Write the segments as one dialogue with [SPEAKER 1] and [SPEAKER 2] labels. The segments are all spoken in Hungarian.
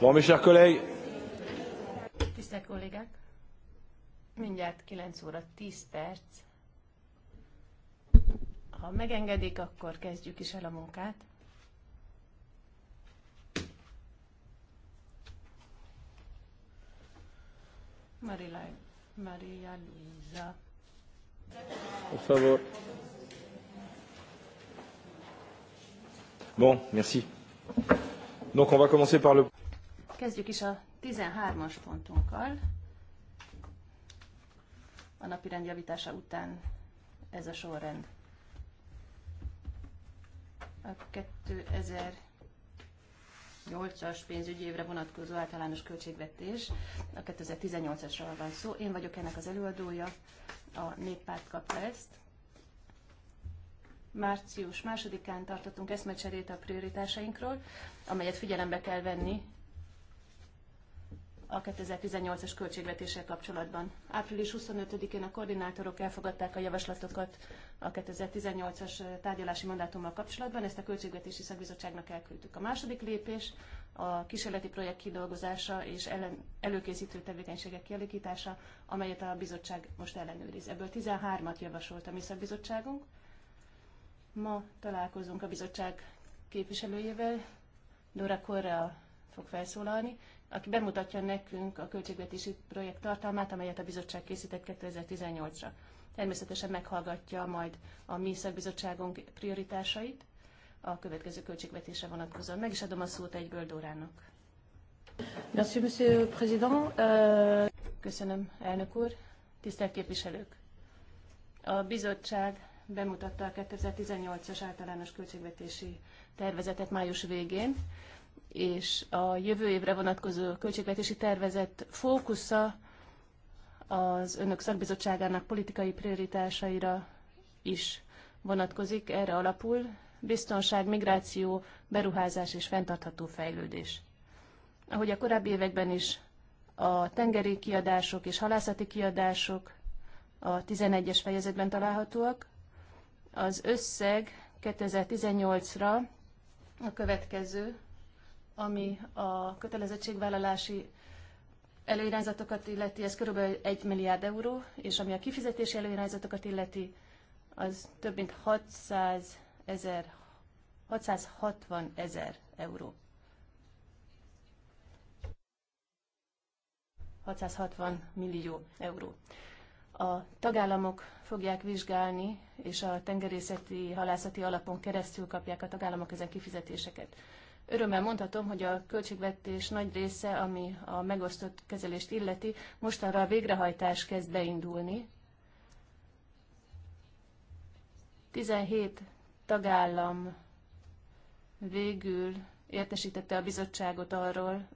[SPEAKER 1] Bon, mes chers collègues.
[SPEAKER 2] Tisztelt kollégák, mindjárt 9 óra 10 perc. Ha megengedik, akkor kezdjük is el a munkát. Marilaj, Maria Luisa.
[SPEAKER 1] Por favor.
[SPEAKER 3] Bon, merci. Donc on va commencer par le...
[SPEAKER 2] Kezdjük is a 13-as pontunkkal. A napi rendjavítása után ez a sorrend. A 2008-as pénzügyi évre vonatkozó általános költségvetés, a 2018 asra van szó. Én vagyok ennek az előadója, a néppárt kapta ezt március másodikán tartottunk eszmecserét a prioritásainkról, amelyet figyelembe kell venni a 2018-as költségvetéssel kapcsolatban. Április 25-én a koordinátorok elfogadták a javaslatokat a 2018-as tárgyalási mandátummal kapcsolatban, ezt a költségvetési szakbizottságnak elküldtük. A második lépés a kísérleti projekt kidolgozása és ellen, előkészítő tevékenységek kialakítása, amelyet a bizottság most ellenőriz. Ebből 13-at javasolt a mi szakbizottságunk, Ma találkozunk a bizottság képviselőjével, Dora Korra fog felszólalni, aki bemutatja nekünk a költségvetési projekt tartalmát, amelyet a bizottság készített 2018-ra. Természetesen meghallgatja majd a mi szakbizottságunk prioritásait a következő költségvetésre vonatkozóan. Meg is adom a szót egyből Dórának. Euh, Köszönöm, elnök úr. Tisztelt képviselők! A bizottság bemutatta a 2018-as általános költségvetési tervezetet május végén, és a jövő évre vonatkozó költségvetési tervezet fókusza az önök szakbizottságának politikai prioritásaira is vonatkozik, erre alapul biztonság, migráció, beruházás és fenntartható fejlődés. Ahogy a korábbi években is a tengeri kiadások és halászati kiadások a 11-es fejezetben találhatóak, az összeg 2018-ra a következő, ami a kötelezettségvállalási előirányzatokat illeti, ez kb. 1 milliárd euró, és ami a kifizetési előirányzatokat illeti, az több mint 600 ezer, 660 ezer euró. 660 millió euró. A tagállamok fogják vizsgálni, és a tengerészeti halászati alapon keresztül kapják a tagállamok ezen kifizetéseket. Örömmel mondhatom, hogy a költségvetés nagy része, ami a megosztott kezelést illeti, mostanra a végrehajtás kezd beindulni. 17 tagállam végül értesítette a bizottságot arról,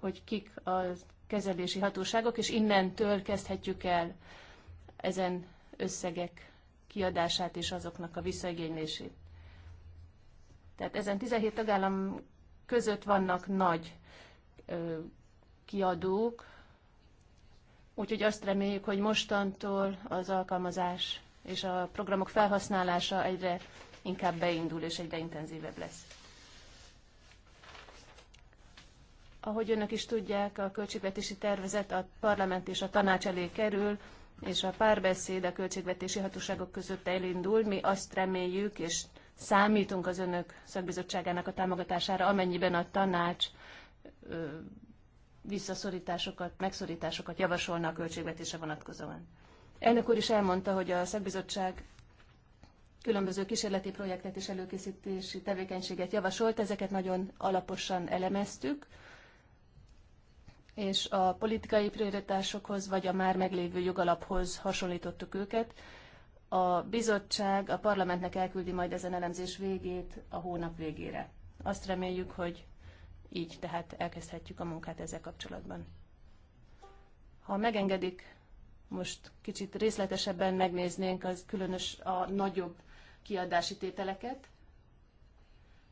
[SPEAKER 2] hogy kik az kezelési hatóságok, és innentől kezdhetjük el ezen összegek kiadását és azoknak a visszaigénylését. Tehát ezen 17 tagállam között vannak nagy ö, kiadók, úgyhogy azt reméljük, hogy mostantól az alkalmazás és a programok felhasználása egyre inkább beindul és egyre intenzívebb lesz. Ahogy önök is tudják, a költségvetési tervezet a parlament és a tanács elé kerül, és a párbeszéd a költségvetési hatóságok között elindul. Mi azt reméljük, és számítunk az önök szakbizottságának a támogatására, amennyiben a tanács ö, visszaszorításokat, megszorításokat javasolna a költségvetése vonatkozóan. Elnök úr is elmondta, hogy a szakbizottság különböző kísérleti projektet és előkészítési tevékenységet javasolt, ezeket nagyon alaposan elemeztük, és a politikai prioritásokhoz vagy a már meglévő jogalaphoz hasonlítottuk őket. A bizottság a parlamentnek elküldi majd ezen elemzés végét a hónap végére. Azt reméljük, hogy így tehát elkezdhetjük a munkát ezzel kapcsolatban. Ha megengedik, most kicsit részletesebben megnéznénk az különös a nagyobb kiadási tételeket,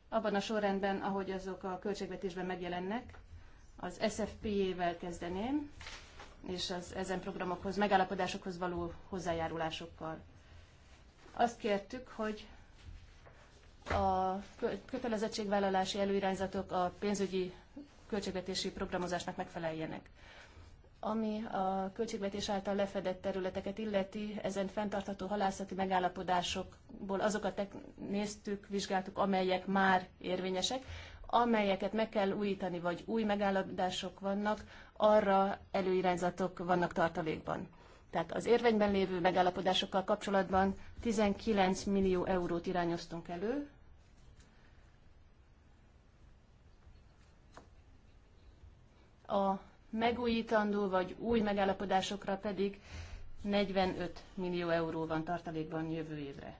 [SPEAKER 2] abban a sorrendben, ahogy azok a költségvetésben megjelennek, az sfp vel kezdeném, és az ezen programokhoz, megállapodásokhoz való hozzájárulásokkal. Azt kértük, hogy a kötelezettségvállalási előirányzatok a pénzügyi költségvetési programozásnak megfeleljenek. Ami a költségvetés által lefedett területeket illeti, ezen fenntartható halászati megállapodásokból azokat néztük, vizsgáltuk, amelyek már érvényesek, amelyeket meg kell újítani, vagy új megállapodások vannak, arra előirányzatok vannak tartalékban. Tehát az érvényben lévő megállapodásokkal kapcsolatban 19 millió eurót irányoztunk elő, a megújítandó vagy új megállapodásokra pedig 45 millió euró van tartalékban jövő évre.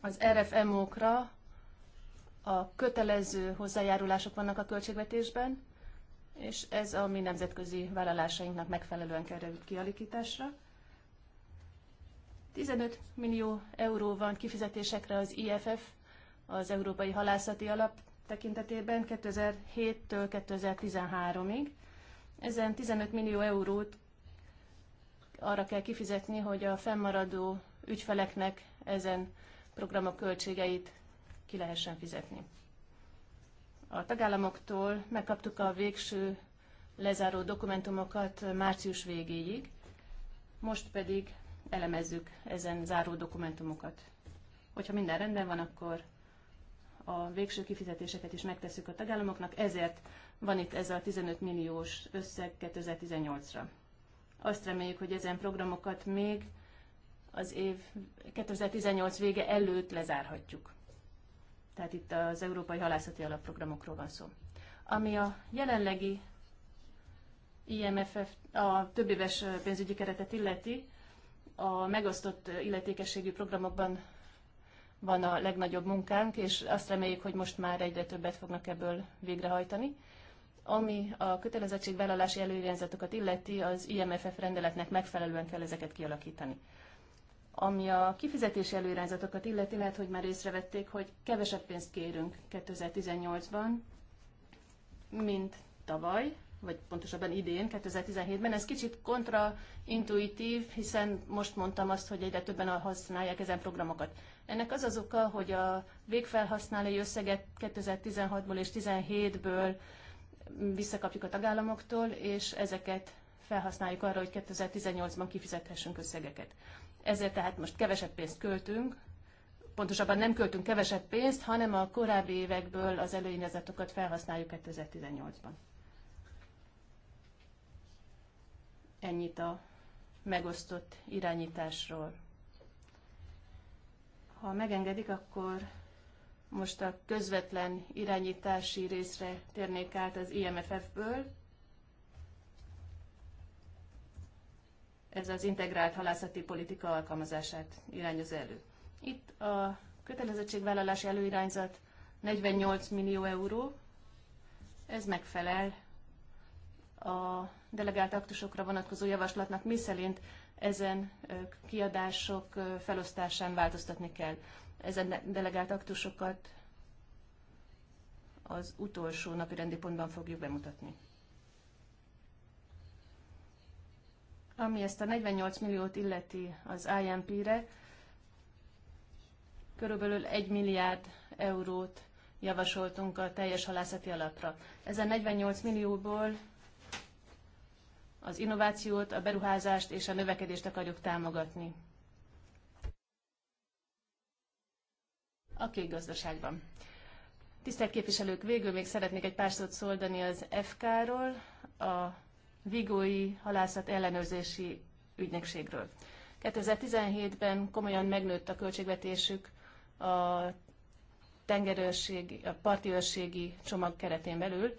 [SPEAKER 2] Az RFMO-kra a kötelező hozzájárulások vannak a költségvetésben, és ez a mi nemzetközi vállalásainknak megfelelően került kialakításra. 15 millió euró van kifizetésekre az IFF, az Európai Halászati Alap tekintetében 2007-től 2013-ig. Ezen 15 millió eurót arra kell kifizetni, hogy a fennmaradó ügyfeleknek ezen programok költségeit ki lehessen fizetni. A tagállamoktól megkaptuk a végső lezáró dokumentumokat március végéig, most pedig elemezzük ezen záró dokumentumokat. Hogyha minden rendben van, akkor a végső kifizetéseket is megtesszük a tagállamoknak, ezért van itt ez a 15 milliós összeg 2018-ra. Azt reméljük, hogy ezen programokat még az év 2018 vége előtt lezárhatjuk. Tehát itt az Európai Halászati Alapprogramokról van szó. Ami a jelenlegi IMF, a többéves pénzügyi keretet illeti, a megosztott illetékességű programokban van a legnagyobb munkánk, és azt reméljük, hogy most már egyre többet fognak ebből végrehajtani. Ami a kötelezettségvállalási előirányzatokat illeti, az IMFF rendeletnek megfelelően kell ezeket kialakítani. Ami a kifizetési előirányzatokat illeti, lehet, hogy már észrevették, hogy kevesebb pénzt kérünk 2018-ban, mint tavaly, vagy pontosabban idén, 2017-ben. Ez kicsit kontraintuitív, hiszen most mondtam azt, hogy egyre többen használják ezen programokat. Ennek az az oka, hogy a végfelhasználói összeget 2016-ból és 2017-ből visszakapjuk a tagállamoktól, és ezeket felhasználjuk arra, hogy 2018-ban kifizethessünk összegeket ezért tehát most kevesebb pénzt költünk, pontosabban nem költünk kevesebb pénzt, hanem a korábbi évekből az előirányzatokat felhasználjuk 2018-ban. Ennyit a megosztott irányításról. Ha megengedik, akkor most a közvetlen irányítási részre térnék át az IMFF-ből, ez az integrált halászati politika alkalmazását irányoz elő. Itt a kötelezettségvállalási előirányzat 48 millió euró, ez megfelel a delegált aktusokra vonatkozó javaslatnak, miszerint ezen kiadások felosztásán változtatni kell. Ezen delegált aktusokat az utolsó napi rendi pontban fogjuk bemutatni. Ami ezt a 48 milliót illeti az IMP-re, körülbelül 1 milliárd eurót javasoltunk a teljes halászati alapra. Ezen 48 millióból az innovációt, a beruházást és a növekedést akarjuk támogatni. A kék gazdaságban. Tisztelt képviselők, végül még szeretnék egy pár szót szólni az FK-ról, a Vigói Halászat Ellenőrzési Ügynökségről. 2017-ben komolyan megnőtt a költségvetésük a tengerőrségi, a parti őrségi csomag keretén belül.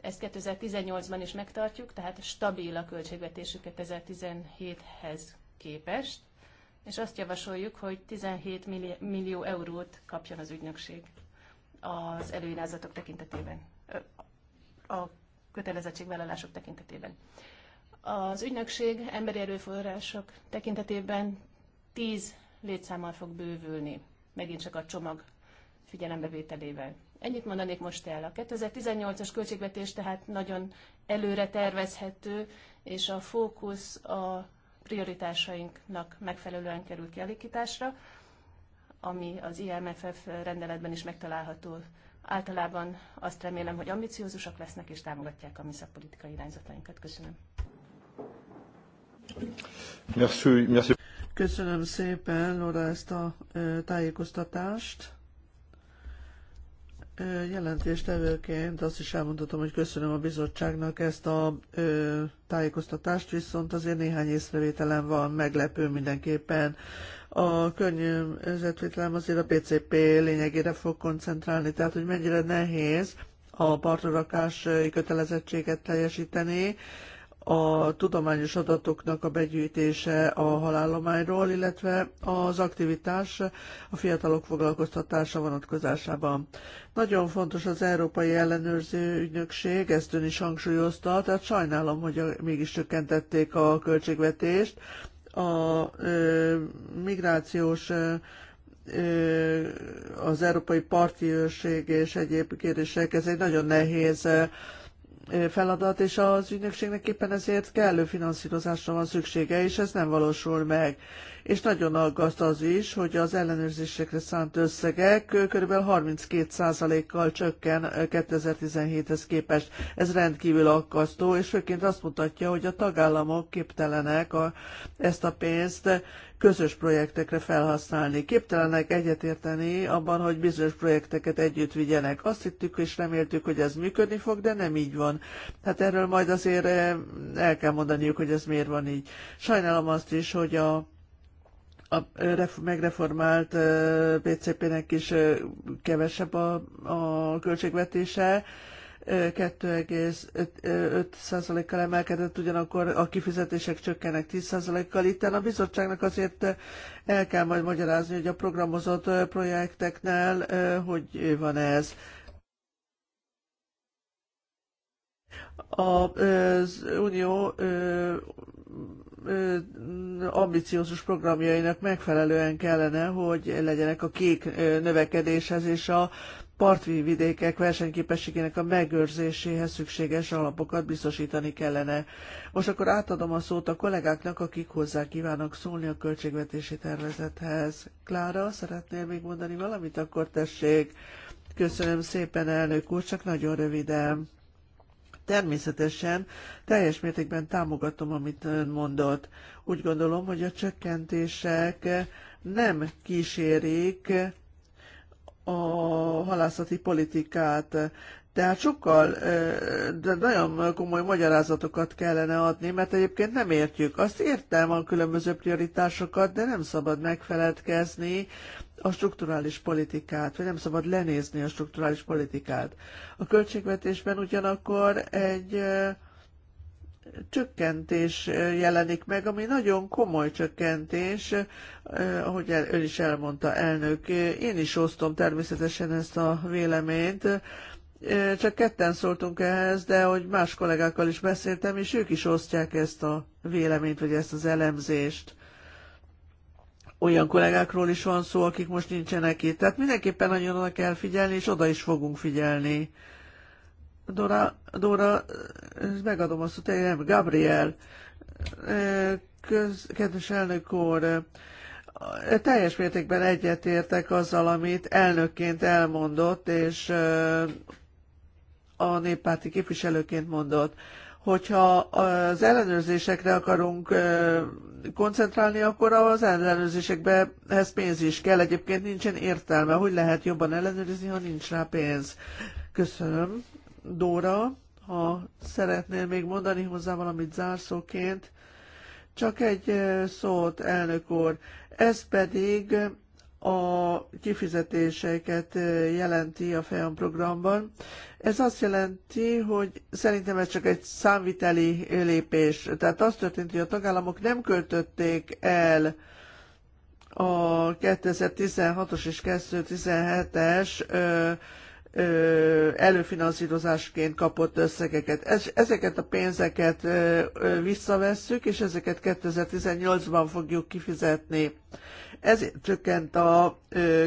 [SPEAKER 2] Ezt 2018-ban is megtartjuk, tehát stabil a költségvetésük 2017-hez képest, és azt javasoljuk, hogy 17 millió eurót kapjon az ügynökség az előírázatok tekintetében. A kötelezettségvállalások tekintetében. Az ügynökség emberi erőforrások tekintetében 10 létszámmal fog bővülni, megint csak a csomag figyelembevételével. Ennyit mondanék most el. A 2018-as költségvetés tehát nagyon előre tervezhető, és a fókusz a prioritásainknak megfelelően kerül kialakításra, ami az IMFF rendeletben is megtalálható Általában azt remélem, hogy ambiciózusak lesznek és támogatják a mi szakpolitikai irányzatainkat. Köszönöm.
[SPEAKER 1] Köszönöm szépen, Laura, ezt a tájékoztatást. Jelentéstevőként azt is elmondhatom, hogy köszönöm a bizottságnak ezt a ö, tájékoztatást, viszont azért néhány észrevételem van meglepő mindenképpen a környezetvédelem azért a PCP lényegére fog koncentrálni, tehát hogy mennyire nehéz a partorakás kötelezettséget teljesíteni, a tudományos adatoknak a begyűjtése a halállományról, illetve az aktivitás a fiatalok foglalkoztatása vonatkozásában. Nagyon fontos az Európai Ellenőrző Ügynökség, ezt ön is hangsúlyozta, tehát sajnálom, hogy mégis csökkentették a költségvetést, a migrációs az Európai Parti Őrség és egyéb kérdések, ez egy nagyon nehéz feladat, és az ügynökségnek éppen ezért kellő finanszírozásra van szüksége, és ez nem valósul meg. És nagyon aggaszt az is, hogy az ellenőrzésekre szánt összegek kb. 32%-kal csökken 2017-hez képest. Ez rendkívül aggasztó, és főként azt mutatja, hogy a tagállamok képtelenek a, ezt a pénzt közös projektekre felhasználni. Képtelenek egyetérteni abban, hogy bizonyos projekteket együtt vigyenek. Azt hittük és reméltük, hogy ez működni fog, de nem így van. Hát erről majd azért eh, el kell mondaniuk, hogy ez miért van így. Sajnálom azt is, hogy a a megreformált bcp eh, nek is eh, kevesebb a, a költségvetése, 2,5%-kal emelkedett, ugyanakkor a kifizetések csökkenek 10%-kal. Itt a bizottságnak azért el kell majd magyarázni, hogy a programozott projekteknél hogy van ez. Az Unió ambiciózus programjainak megfelelően kellene, hogy legyenek a kék növekedéshez és a Partvidékek versenyképességének a megőrzéséhez szükséges alapokat biztosítani kellene. Most akkor átadom a szót a kollégáknak, akik hozzá kívánnak szólni a költségvetési tervezethez. Klára, szeretnél még mondani valamit? Akkor tessék. Köszönöm szépen, elnök úr, csak nagyon röviden. Természetesen teljes mértékben támogatom, amit ön mondott. Úgy gondolom, hogy a csökkentések nem kísérik a halászati politikát. Tehát sokkal, de nagyon komoly magyarázatokat kellene adni, mert egyébként nem értjük. Azt értem a különböző prioritásokat, de nem szabad megfeledkezni a strukturális politikát, vagy nem szabad lenézni a strukturális politikát. A költségvetésben ugyanakkor egy csökkentés jelenik meg, ami nagyon komoly csökkentés, ahogy ön is elmondta, elnök. Én is osztom természetesen ezt a véleményt. Csak ketten szóltunk ehhez, de hogy más kollégákkal is beszéltem, és ők is osztják ezt a véleményt, vagy ezt az elemzést olyan kollégákról is van szó, akik most nincsenek itt. Tehát mindenképpen nagyon oda kell figyelni, és oda is fogunk figyelni. Dora, Dora megadom a hogy nem, Gabriel, köz, kedves elnök úr, teljes mértékben egyetértek azzal, amit elnökként elmondott, és a néppárti képviselőként mondott hogyha az ellenőrzésekre akarunk koncentrálni, akkor az ellenőrzésekbe ez pénz is kell. Egyébként nincsen értelme, hogy lehet jobban ellenőrizni, ha nincs rá pénz. Köszönöm. Dóra, ha szeretnél még mondani hozzá valamit zárszóként, csak egy eh, szót, elnök úr. Ez pedig a kifizetéseket eh, jelenti a FEAM programban. Ez azt jelenti, hogy szerintem ez csak egy számviteli lépés. Tehát az történt, hogy a tagállamok nem költötték el a 2016-os és 2017-es előfinanszírozásként kapott összegeket. Ezeket a pénzeket visszavesszük, és ezeket 2018-ban fogjuk kifizetni. Ez csökkent a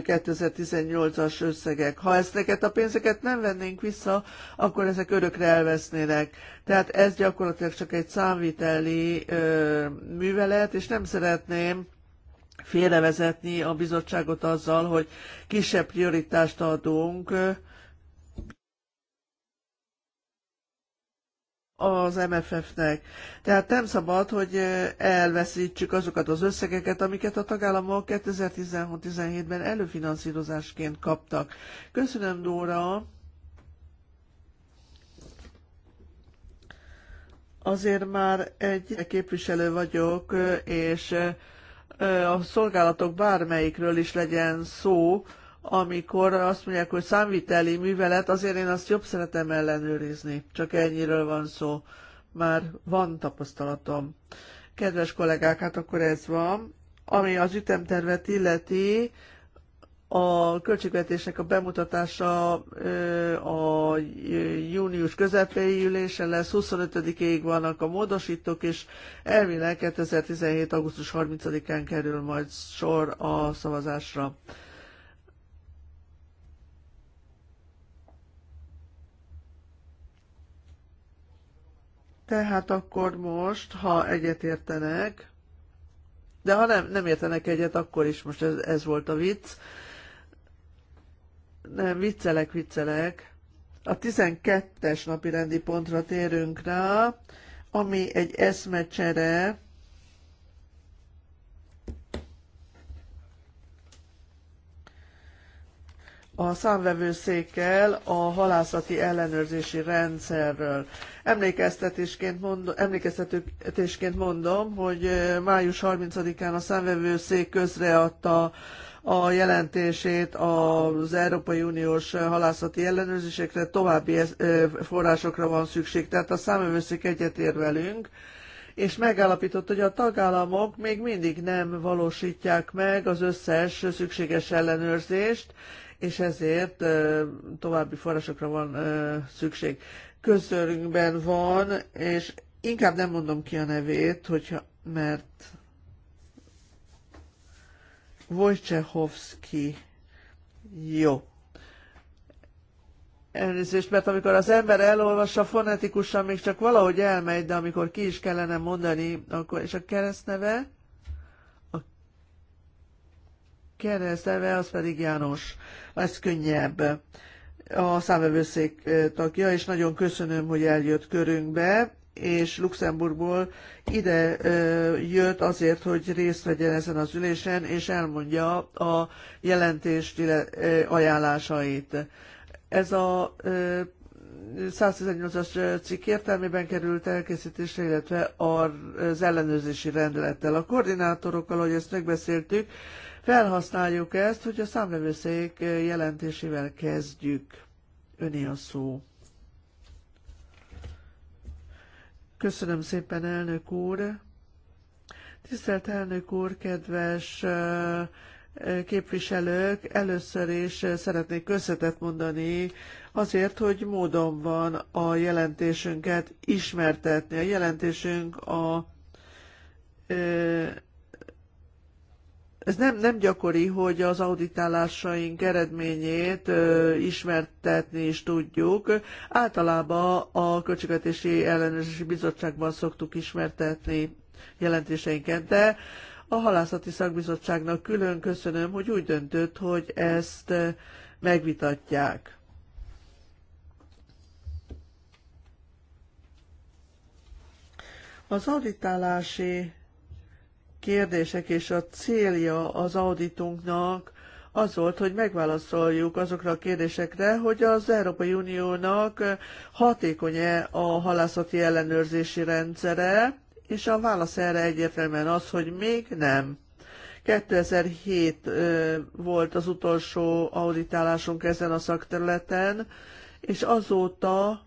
[SPEAKER 1] 2018-as összegek. Ha ezeket a pénzeket nem vennénk vissza, akkor ezek örökre elvesznének. Tehát ez gyakorlatilag csak egy számviteli művelet, és nem szeretném, félrevezetni a bizottságot azzal, hogy kisebb prioritást adunk az MFF-nek. Tehát nem szabad, hogy elveszítsük azokat az összegeket, amiket a tagállamok 2016-17-ben előfinanszírozásként kaptak. Köszönöm, Dóra! Azért már egy képviselő vagyok, és a szolgálatok bármelyikről is legyen szó, amikor azt mondják, hogy számviteli művelet, azért én azt jobb szeretem ellenőrizni. Csak ennyiről van szó. Már van tapasztalatom. Kedves kollégák, hát akkor ez van. Ami az ütemtervet illeti, a költségvetésnek a bemutatása a június közepéi ülésen lesz, 25-ig vannak a módosítók, és elvileg 2017. augusztus 30-án kerül majd sor a szavazásra. Tehát akkor most, ha egyet értenek, de ha nem, nem értenek egyet, akkor is most ez, ez volt a vicc. Nem, viccelek, viccelek. A 12-es napi rendi pontra térünk rá, ami egy eszmecsere a számvevőszékkel a halászati ellenőrzési rendszerről. Emlékeztetésként mondom, emlékeztetésként mondom hogy május 30-án a számvevőszék közreadta a jelentését az Európai Uniós halászati ellenőrzésekre, további forrásokra van szükség. Tehát a számvevőszék egyetért velünk, és megállapított, hogy a tagállamok még mindig nem valósítják meg az összes szükséges ellenőrzést, és ezért további forrásokra van szükség. Közörünkben van, és inkább nem mondom ki a nevét, hogyha, mert Wojciechowski. Jó. Elnézést, mert amikor az ember elolvassa fonetikusan, még csak valahogy elmegy, de amikor ki is kellene mondani, akkor, és a keresztneve? A keresztneve az pedig János lesz könnyebb. A számvevőszék tagja, és nagyon köszönöm, hogy eljött körünkbe, és Luxemburgból ide jött azért, hogy részt vegyen ezen az ülésen, és elmondja a jelentést ajánlásait. Ez a 118-as cikk értelmében került elkészítésre, illetve az ellenőrzési rendelettel. A koordinátorokkal, ahogy ezt megbeszéltük, Felhasználjuk ezt, hogy a számlevőszék jelentésével kezdjük. Öné a szó. Köszönöm szépen, elnök úr! Tisztelt elnök úr, kedves eh, képviselők, először is szeretnék köszönetet mondani azért, hogy módon van a jelentésünket ismertetni. A jelentésünk a eh, ez nem, nem gyakori, hogy az auditálásaink eredményét ö, ismertetni is tudjuk. Általában a Költségvetési Ellenőrzési Bizottságban szoktuk ismertetni jelentéseinket, de a Halászati Szakbizottságnak külön köszönöm, hogy úgy döntött, hogy ezt megvitatják. Az auditálási kérdések és a célja az auditunknak az volt, hogy megválaszoljuk azokra a kérdésekre, hogy az Európai Uniónak hatékony-e a halászati ellenőrzési rendszere, és a válasz erre egyértelműen az, hogy még nem. 2007 volt az utolsó auditálásunk ezen a szakterületen, és azóta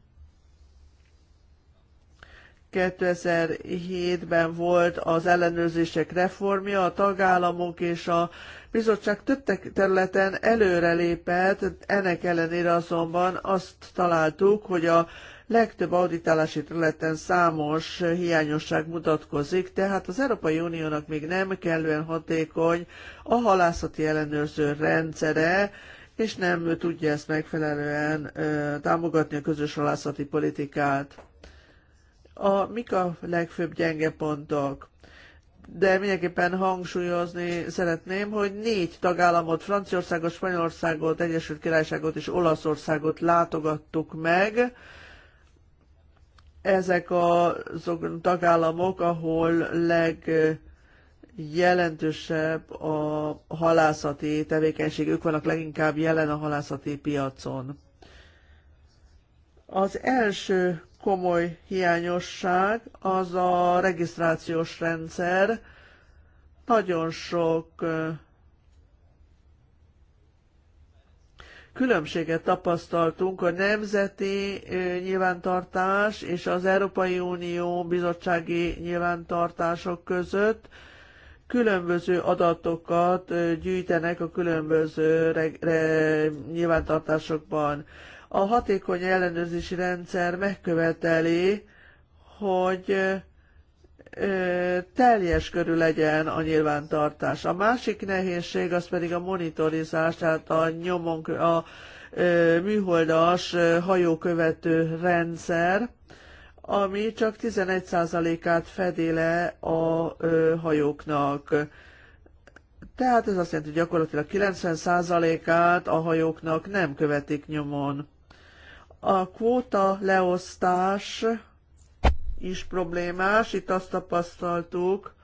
[SPEAKER 1] 2007-ben volt az ellenőrzések reformja, a tagállamok és a bizottság több területen előrelépett, ennek ellenére azonban azt találtuk, hogy a legtöbb auditálási területen számos hiányosság mutatkozik, tehát az Európai Uniónak még nem kellően hatékony a halászati ellenőrző rendszere, és nem tudja ezt megfelelően támogatni a közös halászati politikát a, mik a legfőbb gyenge pontok de mindenképpen hangsúlyozni szeretném, hogy négy tagállamot, Franciaországot, Spanyolországot, Egyesült Királyságot és Olaszországot látogattuk meg. Ezek a tagállamok, ahol legjelentősebb a halászati tevékenység, ők vannak leginkább jelen a halászati piacon. Az első komoly hiányosság az a regisztrációs rendszer. Nagyon sok különbséget tapasztaltunk a nemzeti nyilvántartás és az Európai Unió bizottsági nyilvántartások között különböző adatokat gyűjtenek a különböző nyilvántartásokban. A hatékony ellenőrzési rendszer megköveteli, hogy teljes körű legyen a nyilvántartás. A másik nehézség az pedig a monitorizás, tehát a nyomon, a műholdas hajókövető rendszer, ami csak 11%-át fedi le a hajóknak. Tehát ez azt jelenti, hogy gyakorlatilag 90%-át a hajóknak nem követik nyomon. A kvóta leosztás is problémás. Itt azt tapasztaltuk,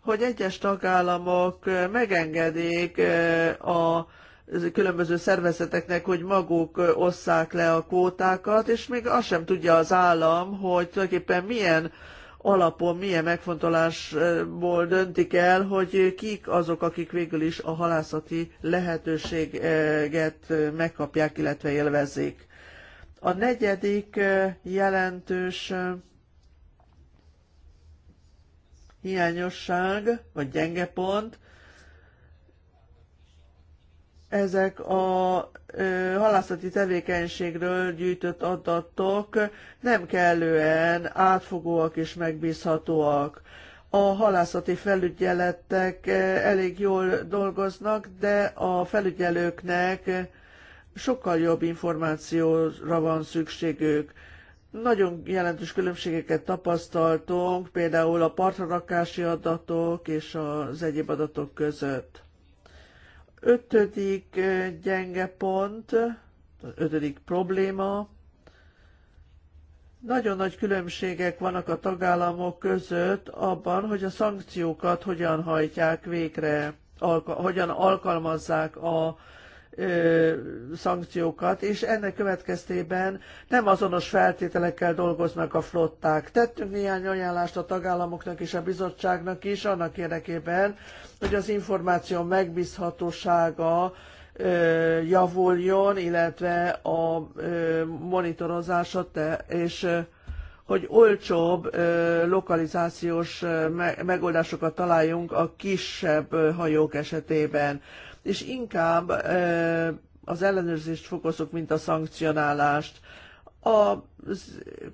[SPEAKER 1] hogy egyes tagállamok megengedik eh, a különböző szervezeteknek, hogy maguk eh, osszák le a kvótákat, és még azt sem tudja az állam, hogy tulajdonképpen milyen alapon, milyen megfontolásból döntik el, hogy kik azok, akik végül is a halászati lehetőséget megkapják, illetve élvezik. A negyedik eh, jelentős eh, hiányosság, vagy gyenge pont, ezek a halászati tevékenységről gyűjtött adatok nem kellően átfogóak és megbízhatóak. A halászati felügyeletek elég jól dolgoznak, de a felügyelőknek sokkal jobb információra van szükségük. Nagyon jelentős különbségeket tapasztaltunk, például a partrarakási adatok és az egyéb adatok között ötödik gyenge pont, az ötödik probléma, nagyon nagy különbségek vannak a tagállamok között abban, hogy a szankciókat hogyan hajtják végre, alka- hogyan alkalmazzák a szankciókat, és ennek következtében nem azonos feltételekkel dolgoznak a flották. Tettünk néhány ajánlást a tagállamoknak és a bizottságnak is annak érdekében, hogy az információ megbízhatósága javuljon, illetve a monitorozása te, és hogy olcsóbb lokalizációs megoldásokat találjunk a kisebb hajók esetében és inkább az ellenőrzést fokozok, mint a szankcionálást. A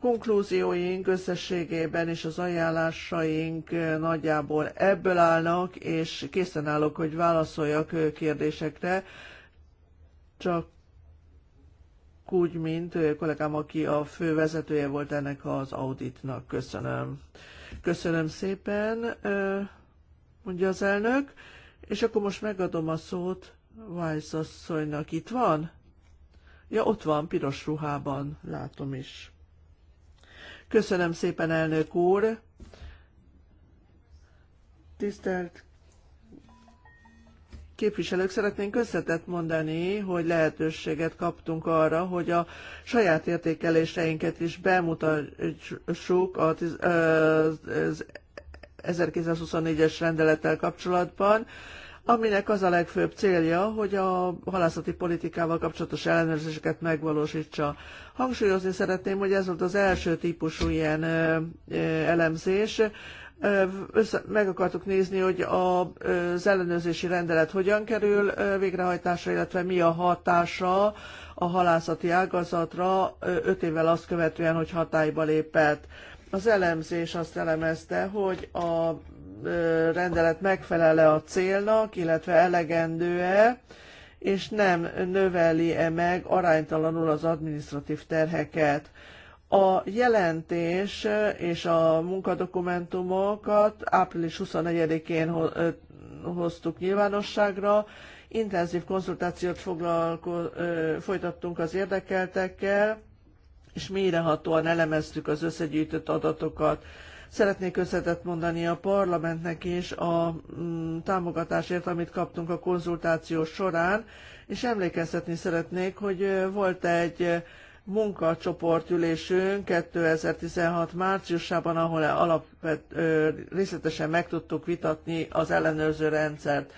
[SPEAKER 1] konklúzióink összességében és az ajánlásaink nagyjából ebből állnak, és készen állok, hogy válaszoljak kérdésekre, csak úgy, mint kollégám, aki a fő vezetője volt ennek az auditnak. Köszönöm. Köszönöm szépen, mondja az elnök. És akkor most megadom a szót Weiss asszonynak. Itt van? Ja, ott van, piros ruhában, látom is. Köszönöm szépen, elnök úr! Tisztelt képviselők, szeretnénk összetett mondani, hogy lehetőséget kaptunk arra, hogy a saját értékeléseinket is bemutassuk az, az 1924-es rendelettel kapcsolatban, aminek az a legfőbb célja, hogy a halászati politikával kapcsolatos ellenőrzéseket megvalósítsa. Hangsúlyozni szeretném, hogy ez volt az első típusú ilyen elemzés, össze, meg akartuk nézni, hogy a, az ellenőrzési rendelet hogyan kerül végrehajtásra, illetve mi a hatása a halászati ágazatra öt évvel azt követően, hogy hatályba lépett. Az elemzés azt elemezte, hogy a rendelet megfelele a célnak, illetve elegendő-e, és nem növeli-e meg aránytalanul az administratív terheket. A jelentés és a munkadokumentumokat április 24-én hoztuk nyilvánosságra, intenzív konzultációt folytattunk az érdekeltekkel, és mélyrehatóan elemeztük az összegyűjtött adatokat. Szeretnék összetett mondani a parlamentnek és a mm, támogatásért, amit kaptunk a konzultáció során, és emlékeztetni szeretnék, hogy volt egy munkacsoportülésünk 2016 márciusában, ahol alapvet, részletesen meg tudtuk vitatni az ellenőrző rendszert.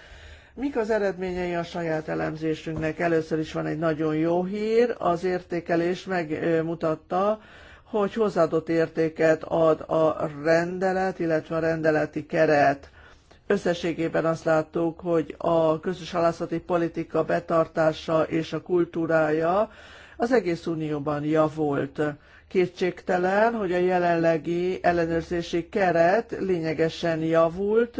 [SPEAKER 1] Mik az eredményei a saját elemzésünknek? Először is van egy nagyon jó hír, az értékelés megmutatta, hogy hozzáadott értéket ad a rendelet, illetve a rendeleti keret. Összességében azt láttuk, hogy a közös halászati politika betartása és a kultúrája az egész Unióban javult. Kétségtelen, hogy a jelenlegi ellenőrzési keret lényegesen javult,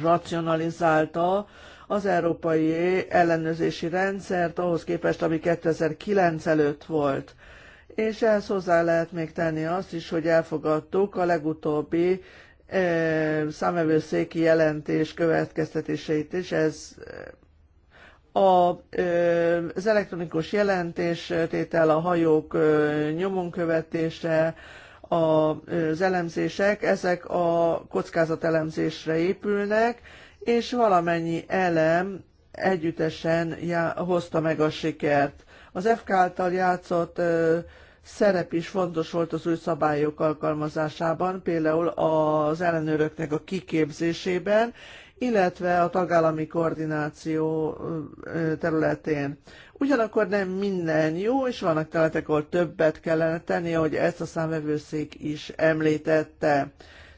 [SPEAKER 1] racionalizálta az európai ellenőrzési rendszert ahhoz képest, ami 2009 előtt volt. És ehhez hozzá lehet még tenni azt is, hogy elfogadtuk a legutóbbi e, számvevőszéki jelentés következtetéseit is. Ez e, a, e, az elektronikus jelentéstétel, a hajók e, nyomon követése, az elemzések, ezek a kockázatelemzésre épülnek, és valamennyi elem együttesen já- hozta meg a sikert. Az FK által játszott ö, szerep is fontos volt az új szabályok alkalmazásában, például az ellenőröknek a kiképzésében, illetve a tagállami koordináció területén. Ugyanakkor nem minden jó, és vannak területek, ahol többet kellene tenni, ahogy ezt a számvevőszék is említette.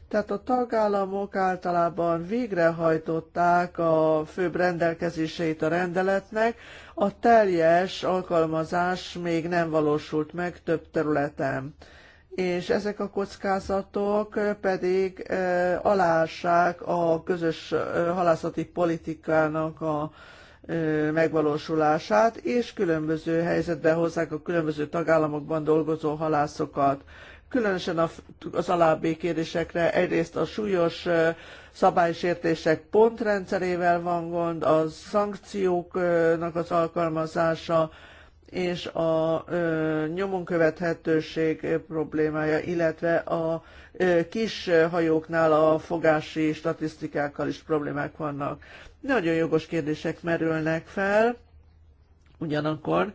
[SPEAKER 1] Tehát a tagállamok általában végrehajtották a főbb rendelkezéseit a rendeletnek, a teljes alkalmazás még nem valósult meg több területen és ezek a kockázatok pedig alássák a közös halászati politikának a megvalósulását, és különböző helyzetbe hozzák a különböző tagállamokban dolgozó halászokat. Különösen az alábbi kérdésekre egyrészt a súlyos szabálysértések pontrendszerével van gond, a szankcióknak az alkalmazása, és a nyomon követhetőség problémája, illetve a kis hajóknál a fogási statisztikákkal is problémák vannak. Nagyon jogos kérdések merülnek fel, ugyanakkor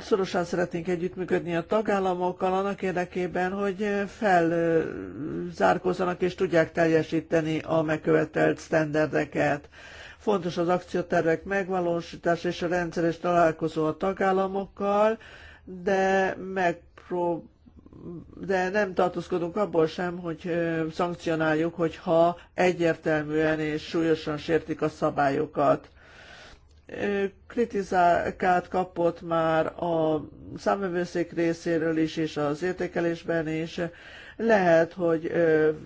[SPEAKER 1] szorosan szeretnénk együttműködni a tagállamokkal annak érdekében, hogy felzárkózzanak és tudják teljesíteni a megkövetelt sztenderdeket. Fontos az akciótervek megvalósítása és a rendszeres találkozó a tagállamokkal, de megpróbál de nem tartózkodunk abból sem, hogy szankcionáljuk, hogyha egyértelműen és súlyosan sértik a szabályokat. Kritizákát kapott már a számövőszék részéről is, és az értékelésben is lehet, hogy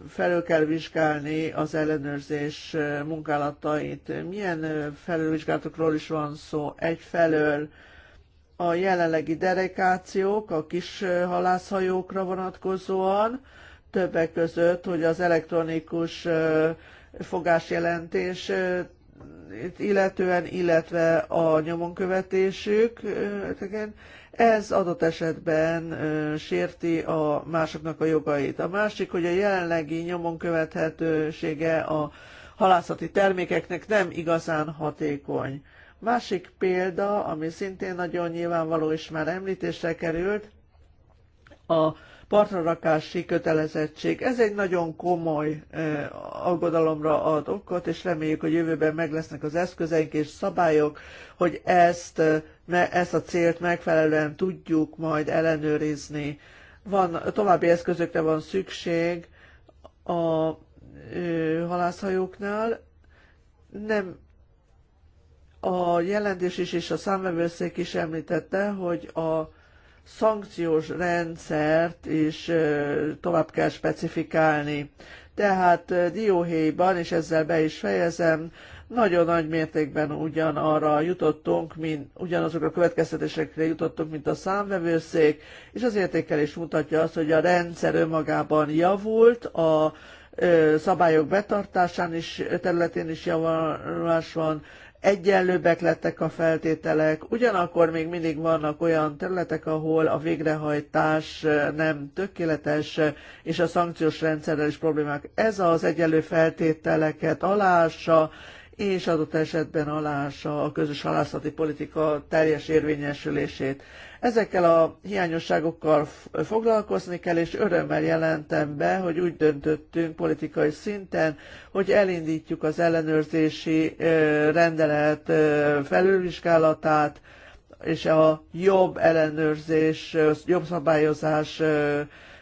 [SPEAKER 1] felül kell vizsgálni az ellenőrzés munkálatait. Milyen felülvizsgálatokról is van szó? Egyfelől a jelenlegi derekációk a kis halászhajókra vonatkozóan, többek között, hogy az elektronikus fogásjelentés illetően, illetve a nyomonkövetésük, ez adott esetben ö, sérti a másoknak a jogait. A másik, hogy a jelenlegi nyomon követhetősége a halászati termékeknek nem igazán hatékony. Másik példa, ami szintén nagyon nyilvánvaló és már említésre került, a partnerrakási kötelezettség. Ez egy nagyon komoly eh, aggodalomra ad okot, és reméljük, hogy jövőben meg lesznek az eszközeink és szabályok, hogy ezt, eh, ezt a célt megfelelően tudjuk majd ellenőrizni. Van, további eszközökre van szükség a ö, eh, halászhajóknál. Nem a jelentés is és a számvevőszék is említette, hogy a szankciós rendszert is tovább kell specifikálni. Tehát dióhéjban, és ezzel be is fejezem, nagyon nagy mértékben ugyanarra jutottunk, mint ugyanazokra a következtetésekre jutottunk, mint a számvevőszék, és az értékelés mutatja azt, hogy a rendszer önmagában javult, a szabályok betartásán is, területén is javulás van, egyenlőbbek lettek a feltételek, ugyanakkor még mindig vannak olyan területek, ahol a végrehajtás eh, nem tökéletes, eh, és a szankciós rendszerrel is problémák. Ez az egyenlő feltételeket alása, és adott esetben alása a közös halászati politika teljes érvényesülését. Ezekkel a hiányosságokkal foglalkozni kell, és örömmel jelentem be, hogy úgy döntöttünk politikai szinten, hogy elindítjuk az ellenőrzési rendelet felülvizsgálatát, és a jobb ellenőrzés, jobb szabályozás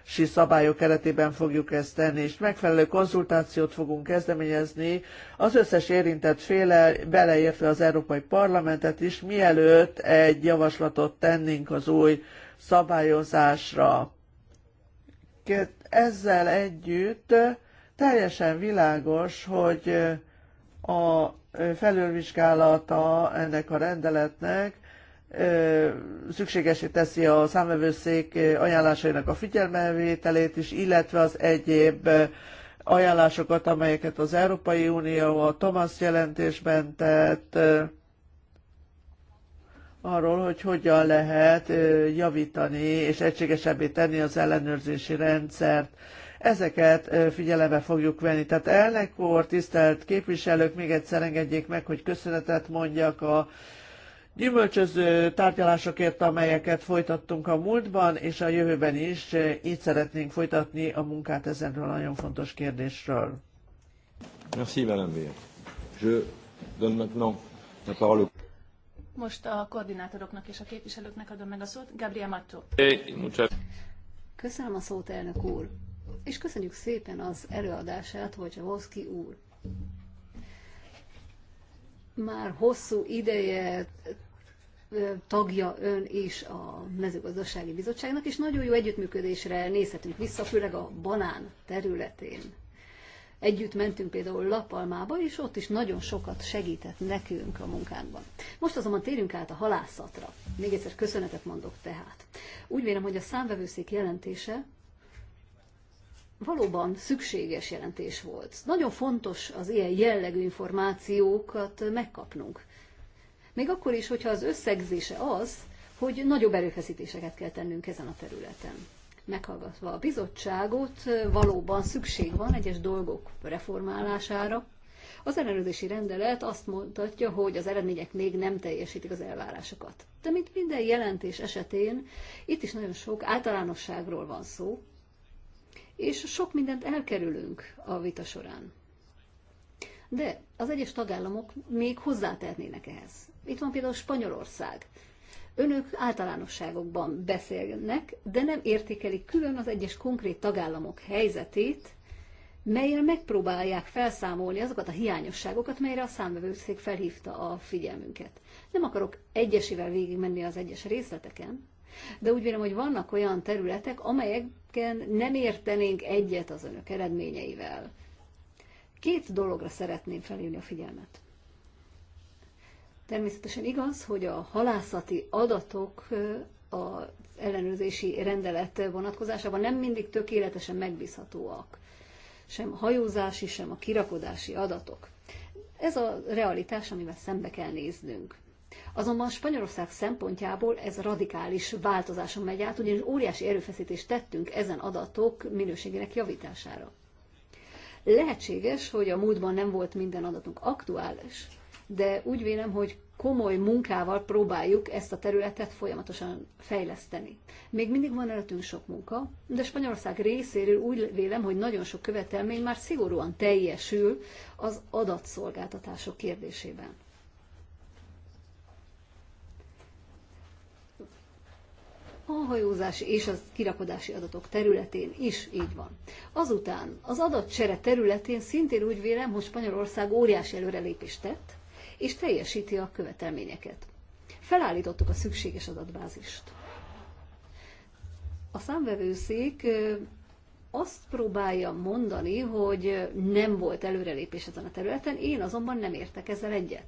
[SPEAKER 1] si szabályok keretében fogjuk ezt tenni, és megfelelő konzultációt fogunk kezdeményezni az összes érintett féle, beleértve az Európai Parlamentet is, mielőtt egy javaslatot tennénk az új szabályozásra. Ezzel együtt teljesen világos, hogy a felülvizsgálata ennek a rendeletnek szükségesé teszi a számvevőszék ajánlásainak a figyelmevételét is, illetve az egyéb ajánlásokat, amelyeket az Európai Unió a Thomas jelentésben tett, arról, hogy hogyan lehet javítani és egységesebbé tenni az ellenőrzési rendszert. Ezeket figyelembe fogjuk venni. Tehát elnök úr, tisztelt képviselők, még egyszer engedjék meg, hogy köszönetet mondjak a gyümölcsöző tárgyalásokért, amelyeket folytattunk a múltban, és a jövőben is eh, így szeretnénk folytatni a munkát ezenről a nagyon fontos kérdésről. Merci, Madame Je
[SPEAKER 3] donne maintenant la parole
[SPEAKER 2] most a koordinátoroknak és a képviselőknek
[SPEAKER 3] adom meg a szót. Gabriel Matto. Köszönöm a szót, elnök úr. És köszönjük szépen az előadását, hogy Voszki úr. Már hosszú ideje tagja ön is a mezőgazdasági bizottságnak, és nagyon jó együttműködésre nézhetünk vissza, főleg a banán területén. Együtt mentünk például Lapalmába, és ott is nagyon sokat segített nekünk a munkánkban. Most azonban térjünk át a halászatra. Még egyszer köszönetet mondok tehát. Úgy vélem, hogy a számvevőszék jelentése valóban szükséges jelentés volt. Nagyon fontos az ilyen jellegű információkat megkapnunk. Még akkor is, hogyha az összegzése az, hogy nagyobb erőfeszítéseket kell tennünk ezen a területen. Meghallgatva a bizottságot, valóban szükség van egyes dolgok reformálására. Az ellenőrzési rendelet azt mondhatja, hogy az eredmények még nem teljesítik az elvárásokat. De mint minden jelentés esetén, itt is nagyon sok általánosságról van szó, és sok mindent elkerülünk a vita során. De az egyes tagállamok még hozzátehetnének ehhez. Itt van például Spanyolország. Önök általánosságokban beszélnek, de nem értékelik külön az egyes konkrét tagállamok helyzetét, melyel megpróbálják felszámolni azokat a hiányosságokat, melyre a számvevőszék felhívta a figyelmünket. Nem akarok egyesével végigmenni az egyes részleteken, de úgy vélem, hogy vannak olyan területek, amelyeken nem értenénk egyet az önök eredményeivel. Két dologra szeretném felhívni a figyelmet. Természetesen igaz, hogy a halászati adatok az ellenőrzési rendelet vonatkozásában nem mindig tökéletesen megbízhatóak. Sem a hajózási, sem a kirakodási adatok. Ez a realitás, amivel szembe kell néznünk. Azonban Spanyolország szempontjából ez radikális változáson megy át, ugyanis óriási erőfeszítést tettünk ezen adatok minőségének javítására. Lehetséges, hogy a múltban nem volt minden adatunk aktuális, de úgy vélem, hogy komoly munkával próbáljuk ezt a területet folyamatosan fejleszteni. Még mindig van előttünk sok munka, de Spanyolország részéről úgy vélem, hogy nagyon sok követelmény már szigorúan teljesül az adatszolgáltatások kérdésében. a hajózási és a kirakodási adatok területén is így van. Azután az adatcsere területén szintén úgy vélem, hogy Spanyolország óriási előrelépést tett, és teljesíti a követelményeket. Felállítottuk a szükséges adatbázist. A számvevőszék azt próbálja mondani, hogy nem volt előrelépés ezen a területen, én azonban nem értek ezzel egyet.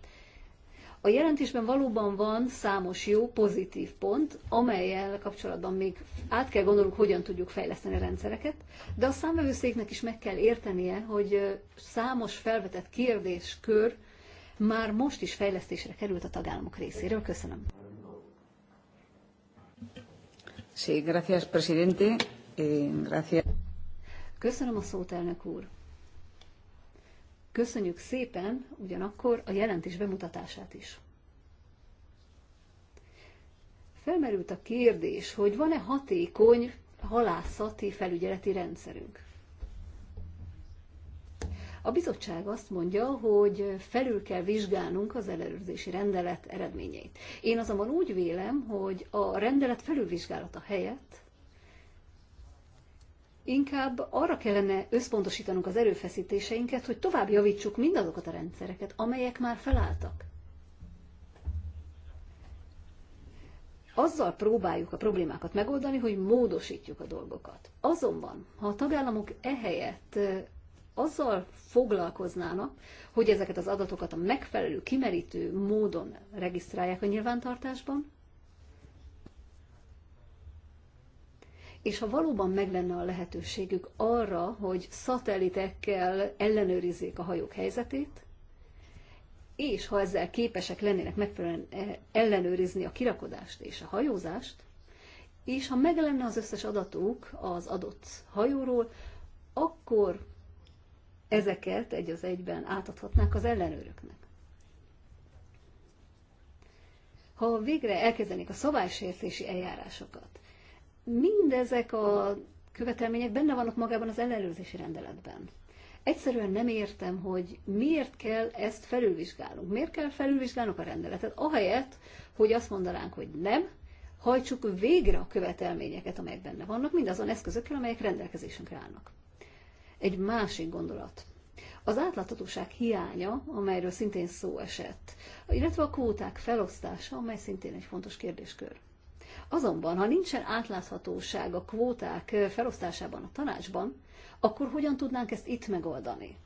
[SPEAKER 3] A jelentésben valóban van számos jó, pozitív pont, amelyel kapcsolatban még át kell gondolnunk, hogyan tudjuk fejleszteni a rendszereket, de a számvevőszéknek is meg kell értenie, hogy számos felvetett kérdéskör már most is fejlesztésre került a tagállamok részéről. Köszönöm. Sí, gracias, presidente. Eh, gracias. Köszönöm a szót, elnök úr. Köszönjük szépen ugyanakkor a jelentés bemutatását is. Felmerült a kérdés, hogy van-e hatékony halászati felügyeleti rendszerünk. A bizottság azt mondja, hogy felül kell vizsgálnunk az ellenőrzési rendelet eredményeit. Én azonban úgy vélem, hogy a rendelet felülvizsgálata helyett inkább arra kellene összpontosítanunk az erőfeszítéseinket, hogy tovább javítsuk mindazokat a rendszereket, amelyek már felálltak. azzal próbáljuk a problémákat megoldani, hogy módosítjuk a dolgokat. Azonban, ha a tagállamok ehelyett azzal foglalkoznának, hogy ezeket az adatokat a megfelelő, kimerítő módon regisztrálják a nyilvántartásban, és ha valóban meg lenne a lehetőségük arra, hogy szatellitekkel ellenőrizzék a hajók helyzetét, és ha ezzel képesek lennének megfelelően eh, ellenőrizni a kirakodást és a hajózást, és ha meg lenne az összes adatuk az adott hajóról, akkor ezeket egy az egyben átadhatnák az ellenőröknek. Ha végre elkezdenék a szabálysértési eljárásokat, mindezek a követelmények benne vannak magában az ellenőrzési rendeletben. Egyszerűen nem értem, hogy miért kell ezt felülvizsgálnunk. Miért kell felülvizsgálnunk a rendeletet? Ahelyett, hogy azt mondanánk, hogy nem, hajtsuk végre a követelményeket, amelyek benne vannak, mindazon eszközökkel, amelyek rendelkezésünkre állnak. Egy másik gondolat. Az átláthatóság hiánya, amelyről szintén szó esett, illetve a kvóták felosztása, amely szintén egy fontos kérdéskör. Azonban, ha nincsen átláthatóság a kvóták felosztásában a tanácsban, akkor hogyan tudnánk ezt itt megoldani?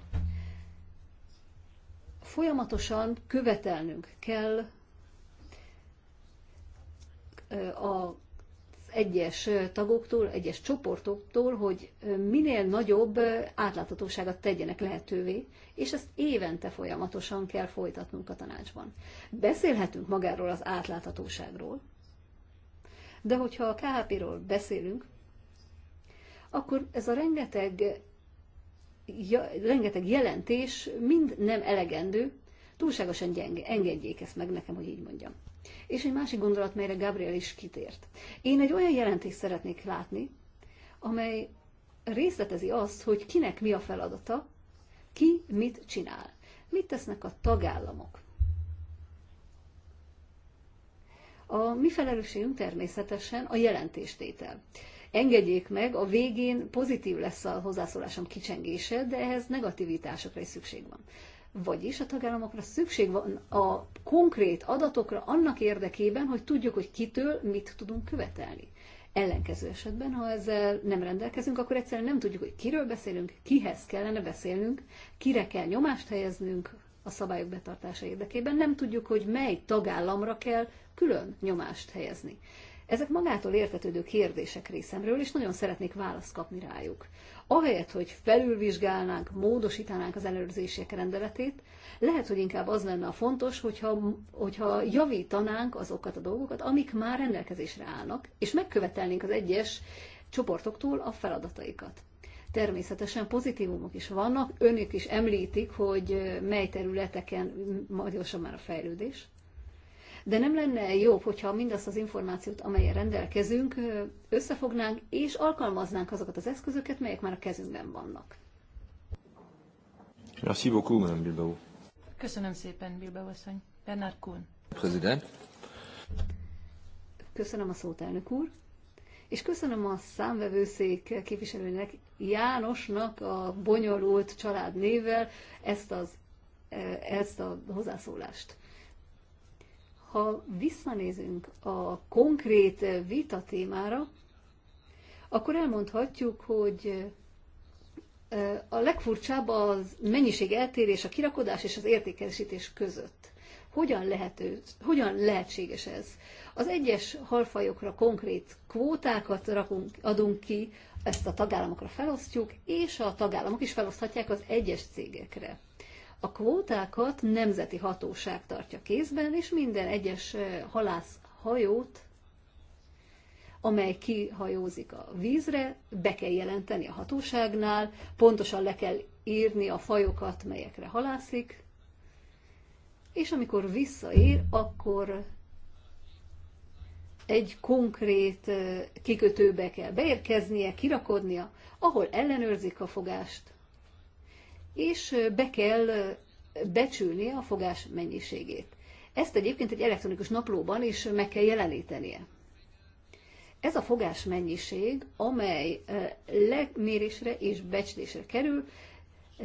[SPEAKER 3] Folyamatosan követelnünk kell a egyes tagoktól, egyes csoportoktól, hogy minél nagyobb átláthatóságot tegyenek lehetővé, és ezt évente folyamatosan kell folytatnunk a tanácsban. Beszélhetünk magáról az átláthatóságról, de hogyha a KHP-ról beszélünk, akkor ez a rengeteg, ja, rengeteg jelentés mind nem elegendő, túlságosan gyenge. Engedjék ezt meg nekem, hogy így mondjam. És egy másik gondolat, melyre Gabriel is kitért. Én egy olyan jelentést szeretnék látni, amely részletezi azt, hogy kinek mi a feladata, ki mit csinál, mit tesznek a tagállamok. A mi felelősségünk természetesen a jelentéstétel. Engedjék meg, a végén pozitív lesz a hozzászólásom kicsengése, de ehhez negativitásokra is szükség van. Vagyis a tagállamokra szükség van a konkrét adatokra annak érdekében, hogy tudjuk, hogy kitől mit tudunk követelni. Ellenkező esetben, ha ezzel nem rendelkezünk, akkor egyszerűen nem tudjuk, hogy kiről beszélünk, kihez kellene beszélnünk, kire kell nyomást helyeznünk a szabályok betartása érdekében, nem tudjuk, hogy mely tagállamra kell külön nyomást helyezni. Ezek magától értetődő kérdések részemről, és nagyon szeretnék választ kapni rájuk. Ahelyett, hogy felülvizsgálnánk, módosítanánk az előrzések rendeletét, lehet, hogy inkább az lenne a fontos, hogyha, hogyha javítanánk azokat a dolgokat, amik már rendelkezésre állnak, és megkövetelnénk az egyes csoportoktól a feladataikat. Természetesen pozitívumok is vannak, önök is említik, hogy mely területeken magyarosan már a fejlődés de nem lenne jobb, hogyha mindazt az információt, amelyen rendelkezünk, összefognánk és alkalmaznánk azokat az eszközöket, melyek már a kezünkben vannak. Merci beaucoup, Madame Bilbao. Köszönöm szépen, Bilbao asszony. Bernard Kuhn. President. Köszönöm a szót, elnök úr. És köszönöm a számvevőszék képviselőnek, Jánosnak a bonyolult családnévvel ezt, az, ezt a hozzászólást. Ha visszanézünk a konkrét vita témára, akkor elmondhatjuk, hogy a legfurcsább az mennyiség eltérés a kirakodás és az értékesítés között. Hogyan, lehető, hogyan lehetséges ez? Az egyes halfajokra konkrét kvótákat rakunk, adunk ki, ezt a tagállamokra felosztjuk, és a tagállamok is feloszthatják az egyes cégekre. A kvótákat nemzeti hatóság tartja kézben, és minden egyes halász hajót, amely kihajózik a vízre, be kell jelenteni a hatóságnál, pontosan le kell írni a fajokat, melyekre halászik, és amikor visszaér, akkor egy konkrét kikötőbe kell beérkeznie, kirakodnia, ahol ellenőrzik a fogást, és be kell becsülni a fogás mennyiségét. Ezt egyébként egy elektronikus naplóban is meg kell jelenítenie. Ez a fogás mennyiség, amely lemérésre és becslésre kerül,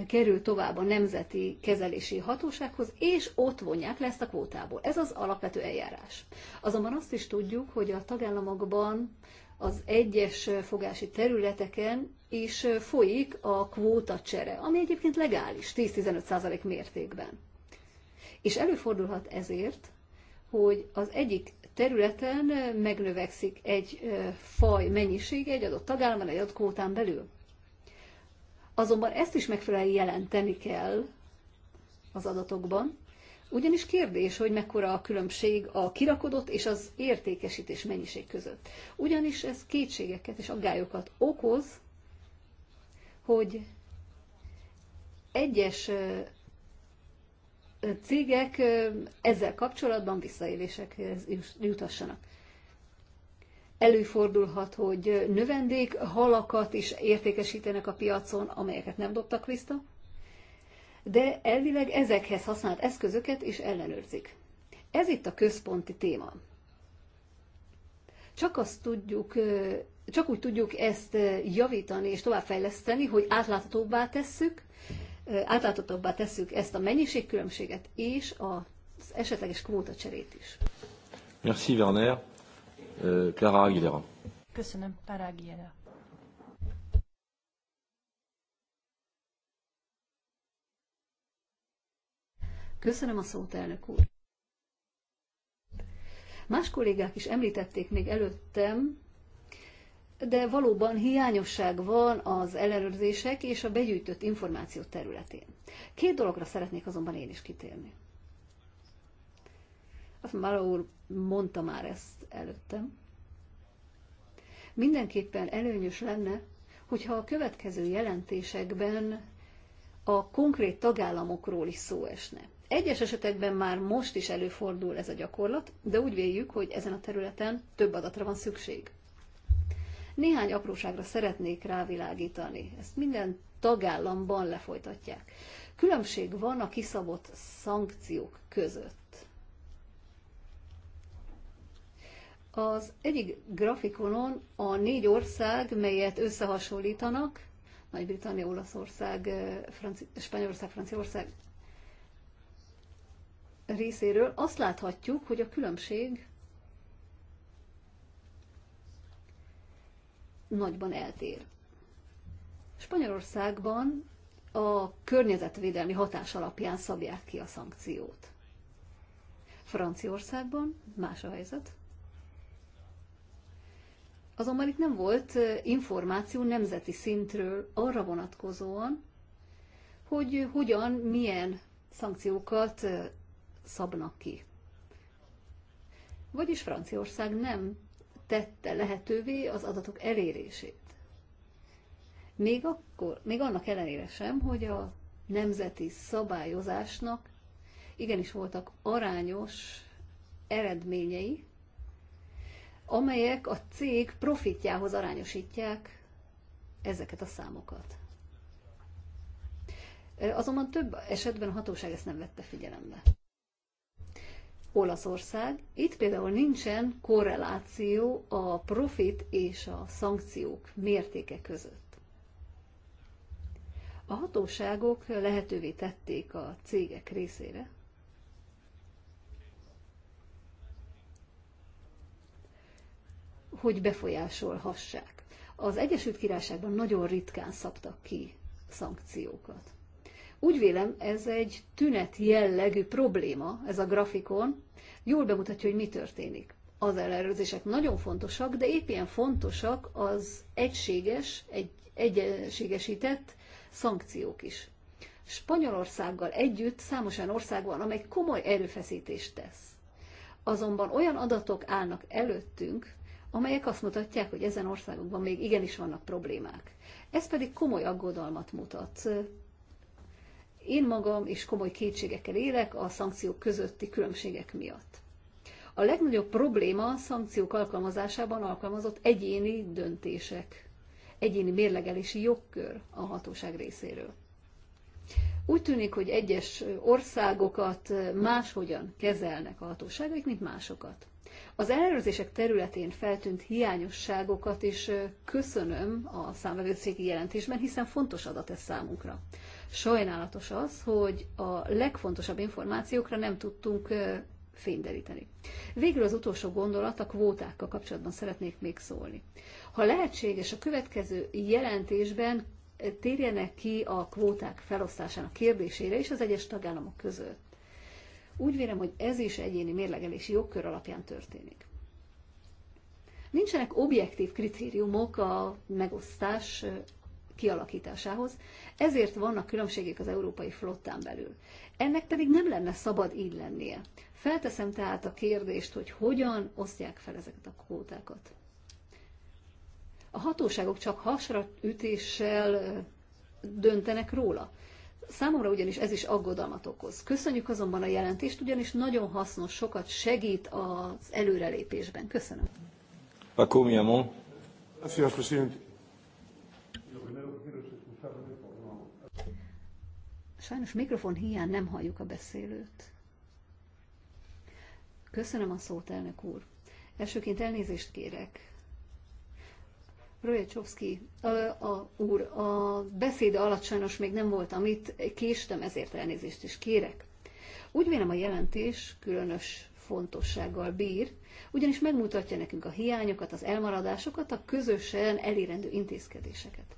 [SPEAKER 3] kerül tovább a Nemzeti Kezelési Hatósághoz, és ott vonják le ezt a kvótából. Ez az alapvető eljárás. Azonban azt is tudjuk, hogy a tagállamokban az egyes fogási területeken és folyik a kvóta csere, ami egyébként legális 10-15% mértékben. És előfordulhat ezért, hogy az egyik területen megnövekszik egy faj mennyisége egy adott tagállamban, egy adott kvótán belül. Azonban ezt is megfelelően jelenteni kell az adatokban, ugyanis kérdés, hogy mekkora a különbség a kirakodott és az értékesítés mennyiség között. Ugyanis ez kétségeket és aggályokat okoz, hogy egyes cégek ezzel kapcsolatban visszaélésekhez jutassanak. Előfordulhat, hogy növendék halakat is értékesítenek a piacon, amelyeket nem dobtak vissza, de elvileg ezekhez használt eszközöket is ellenőrzik. Ez itt a központi téma. Csak azt tudjuk, csak úgy tudjuk ezt javítani és továbbfejleszteni, hogy átláthatóbbá tesszük, átláthatóbbá tesszük ezt a mennyiségkülönbséget és az esetleges kvóta cserét is.
[SPEAKER 1] Merci Werner. Euh, Clara Aguilera.
[SPEAKER 3] Köszönöm, Clara Aguilera. Köszönöm a szót, elnök úr. Más kollégák is említették még előttem, de valóban hiányosság van az ellenőrzések és a begyűjtött információ területén. Két dologra szeretnék azonban én is kitérni. Azt már úr mondta már ezt előttem. Mindenképpen előnyös lenne, hogyha a következő jelentésekben a konkrét tagállamokról is szó esne. Egyes esetekben már most is előfordul ez a gyakorlat, de úgy véljük, hogy ezen a területen több adatra van szükség. Néhány apróságra szeretnék rávilágítani. Ezt minden tagállamban lefolytatják. Különbség van a kiszabott szankciók között. Az egyik grafikonon a négy ország, melyet összehasonlítanak, Nagy-Britannia, Olaszország, eh, Franci- Spanyolország, Franciaország, részéről azt láthatjuk, hogy a különbség nagyban eltér. Spanyolországban a környezetvédelmi hatás alapján szabják ki a szankciót. Franciaországban más a helyzet. Azonban itt nem volt információ nemzeti szintről arra vonatkozóan, hogy hogyan, milyen szankciókat szabnak ki. Vagyis Franciaország nem tette lehetővé az adatok elérését. Még, akkor, még annak ellenére sem, hogy a nemzeti szabályozásnak igenis voltak arányos eredményei, amelyek a cég profitjához arányosítják ezeket a számokat. Azonban több esetben a hatóság ezt nem vette figyelembe. Olaszország. Itt például nincsen korreláció a profit és a szankciók mértéke között. A hatóságok lehetővé tették a cégek részére, hogy befolyásolhassák. Az Egyesült Királyságban nagyon ritkán szabtak ki szankciókat. Úgy vélem, ez egy tünet jellegű probléma, ez a grafikon, jól bemutatja, hogy mi történik. Az ellenőrzések nagyon fontosak, de épp ilyen fontosak az egységes, egy, egységesített szankciók is. Spanyolországgal együtt számos olyan ország van, amely komoly erőfeszítést tesz. Azonban olyan adatok állnak előttünk, amelyek azt mutatják, hogy ezen országokban még igenis vannak problémák. Ez pedig komoly aggodalmat mutat, én magam is komoly kétségekkel élek a szankciók közötti különbségek miatt. A legnagyobb probléma a szankciók alkalmazásában alkalmazott egyéni döntések, egyéni mérlegelési jogkör a hatóság részéről. Úgy tűnik, hogy egyes országokat máshogyan kezelnek a hatóságaik, mint másokat. Az ellenőrzések területén feltűnt hiányosságokat is köszönöm a számvevőszéki jelentésben, hiszen fontos adat ez számunkra. Sajnálatos az, hogy a legfontosabb információkra nem tudtunk fényderíteni. Végül az utolsó gondolat a kvótákkal kapcsolatban szeretnék még szólni. Ha lehetséges, a következő jelentésben térjenek ki a kvóták felosztásának kérdésére és az egyes tagállamok között. Úgy vélem, hogy ez is egyéni mérlegelési jogkör alapján történik. Nincsenek objektív kritériumok a megosztás kialakításához, ezért vannak különbségek az európai flottán belül. Ennek pedig nem lenne szabad így lennie. Felteszem tehát a kérdést, hogy hogyan osztják fel ezeket a kvótákat. A hatóságok csak hasraütéssel döntenek róla. Számomra ugyanis ez is aggodalmat okoz. Köszönjük azonban a jelentést, ugyanis nagyon hasznos, sokat segít az előrelépésben. Köszönöm. Paco
[SPEAKER 2] Miamon. Gracias, presidente.
[SPEAKER 3] Sajnos mikrofon hiány nem halljuk a beszélőt. Köszönöm a szót, elnök úr. Elsőként elnézést kérek. Rojecsovszki a, a, úr, a beszéde alatt sajnos még nem voltam itt, késtem, ezért elnézést is kérek. Úgy vélem a jelentés különös fontossággal bír, ugyanis megmutatja nekünk a hiányokat, az elmaradásokat, a közösen elérendő intézkedéseket.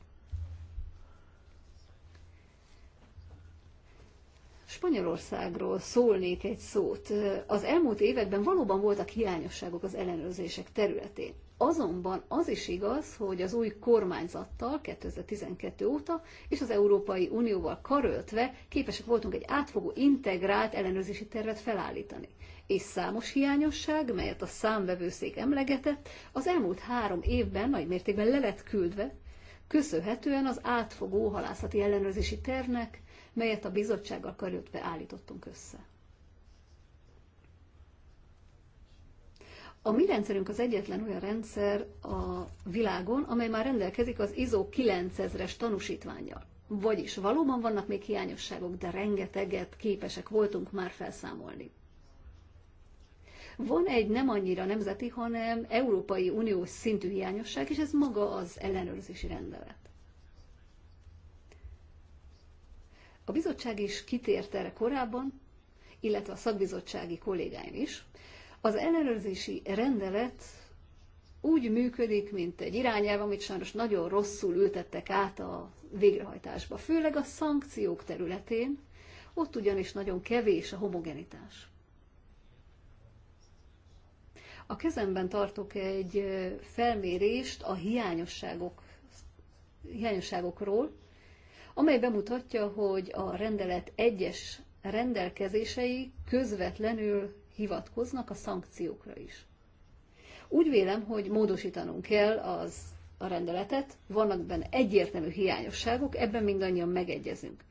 [SPEAKER 3] Spanyolországról szólnék egy szót. Az elmúlt években valóban voltak hiányosságok az ellenőrzések területén. Azonban az is igaz, hogy az új kormányzattal 2012 óta és az Európai Unióval karöltve képesek voltunk egy átfogó integrált ellenőrzési tervet felállítani. És számos hiányosság, melyet a számvevőszék emlegetett, az elmúlt három évben nagy mértékben le lett küldve, köszönhetően az átfogó halászati ellenőrzési tervnek, melyet a bizottsággal karöltve állítottunk össze. A mi rendszerünk az egyetlen olyan rendszer a világon, amely már rendelkezik az ISO 9000-es tanúsítványjal. Vagyis valóban vannak még hiányosságok, de rengeteget képesek voltunk már felszámolni. Van egy nem annyira nemzeti, hanem Európai Uniós szintű hiányosság, és ez maga az ellenőrzési rendelet. A bizottság is kitért erre korábban, illetve a szakbizottsági kollégáim is. Az ellenőrzési rendelet úgy működik, mint egy irányelv, amit sajnos nagyon rosszul ültettek át a végrehajtásba, főleg a szankciók területén, ott ugyanis nagyon kevés a homogenitás. A kezemben tartok egy felmérést a hiányosságok, hiányosságokról, amely bemutatja, hogy a rendelet egyes rendelkezései közvetlenül hivatkoznak a szankciókra is. Úgy vélem, hogy módosítanunk kell az a rendeletet, vannak benne egyértelmű hiányosságok, ebben mindannyian megegyezünk.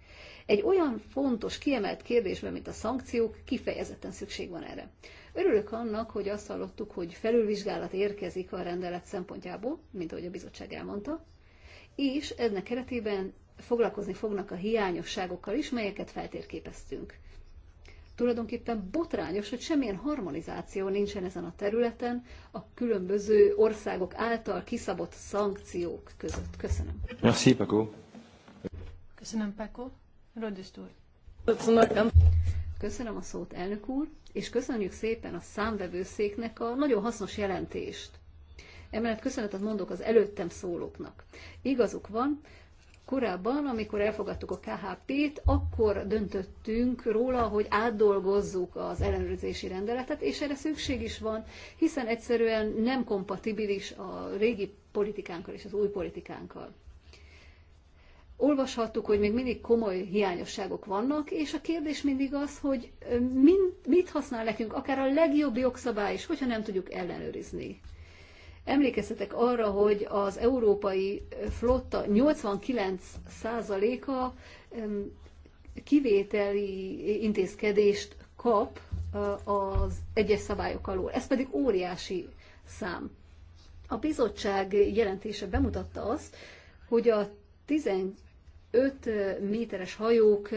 [SPEAKER 3] Egy olyan fontos, kiemelt kérdésben, mint a szankciók, kifejezetten szükség van erre. Örülök annak, hogy azt hallottuk, hogy felülvizsgálat érkezik a rendelet szempontjából, mint ahogy a bizottság elmondta, és ennek keretében foglalkozni fognak a hiányosságokkal is, melyeket feltérképeztünk. Tulajdonképpen botrányos, hogy semmilyen harmonizáció nincsen ezen a területen a különböző országok által kiszabott szankciók között. Köszönöm. Merci, Paco.
[SPEAKER 2] Köszönöm, Paco. Rodiszt úr.
[SPEAKER 3] Köszönöm a szót, elnök úr, és köszönjük szépen a számvevőszéknek a nagyon hasznos jelentést. Emellett köszönetet mondok az előttem szólóknak. Igazuk van, Korábban, amikor elfogadtuk a KHP-t, akkor döntöttünk róla, hogy átdolgozzuk az ellenőrzési rendeletet, és erre szükség is van, hiszen egyszerűen nem kompatibilis a régi politikánkkal és az új politikánkkal. Olvashattuk, hogy még mindig komoly hiányosságok vannak, és a kérdés mindig az, hogy mit használ nekünk akár a legjobb jogszabály is, hogyha nem tudjuk ellenőrizni Emlékeztetek arra, hogy az európai flotta 89%-a kivételi intézkedést kap az egyes szabályok alól. Ez pedig óriási szám. A bizottság jelentése bemutatta azt, hogy a 15 méteres hajók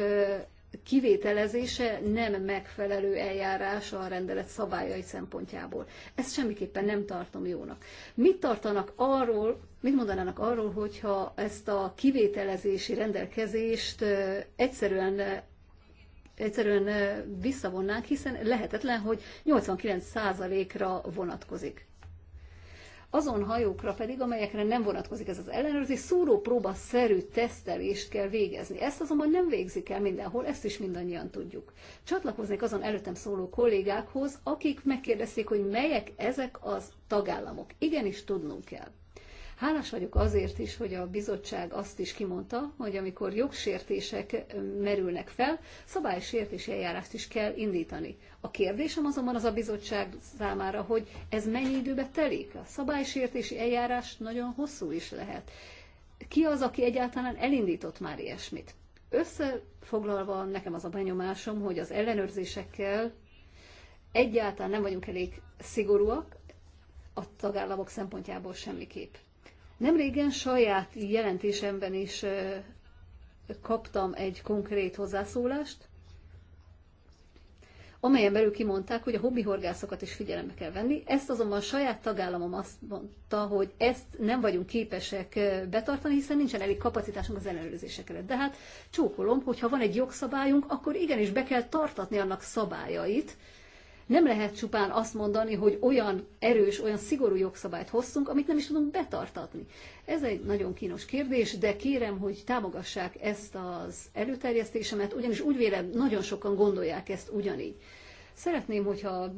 [SPEAKER 3] kivételezése nem megfelelő eljárás a rendelet szabályai szempontjából. Ezt semmiképpen nem tartom jónak. Mit tartanak arról, mit mondanának arról, hogyha ezt a kivételezési rendelkezést egyszerűen egyszerűen visszavonnánk, hiszen lehetetlen, hogy 89%-ra vonatkozik azon hajókra pedig, amelyekre nem vonatkozik ez az ellenőrzés, próba szerű tesztelést kell végezni. Ezt azonban nem végzik el mindenhol, ezt is mindannyian tudjuk. Csatlakoznék azon előttem szóló kollégákhoz, akik megkérdezték, hogy melyek ezek az tagállamok. Igenis tudnunk kell. Hálás vagyok azért is, hogy a bizottság azt is kimondta, hogy amikor jogsértések merülnek fel, szabálysértési eljárást is kell indítani. A kérdésem azonban az a bizottság számára, hogy ez mennyi időbe telik? A szabálysértési eljárás nagyon hosszú is lehet. Ki az, aki egyáltalán elindított már ilyesmit? Összefoglalva nekem az a benyomásom, hogy az ellenőrzésekkel egyáltalán nem vagyunk elég szigorúak, a tagállamok szempontjából semmiképp. Nemrégen saját jelentésemben is kaptam egy konkrét hozzászólást, amelyen belül kimondták, hogy a hobbihorgászokat is figyelembe kell venni. Ezt azonban a saját tagállamom azt mondta, hogy ezt nem vagyunk képesek betartani, hiszen nincsen elég kapacitásunk az ellenőrzésekre. De hát csókolom, hogyha van egy jogszabályunk, akkor igenis be kell tartatni annak szabályait, nem lehet csupán azt mondani, hogy olyan erős, olyan szigorú jogszabályt hoztunk, amit nem is tudunk betartatni. Ez egy nagyon kínos kérdés, de kérem, hogy támogassák ezt az előterjesztésemet, ugyanis úgy vélem, nagyon sokan gondolják ezt ugyanígy. Szeretném, hogyha a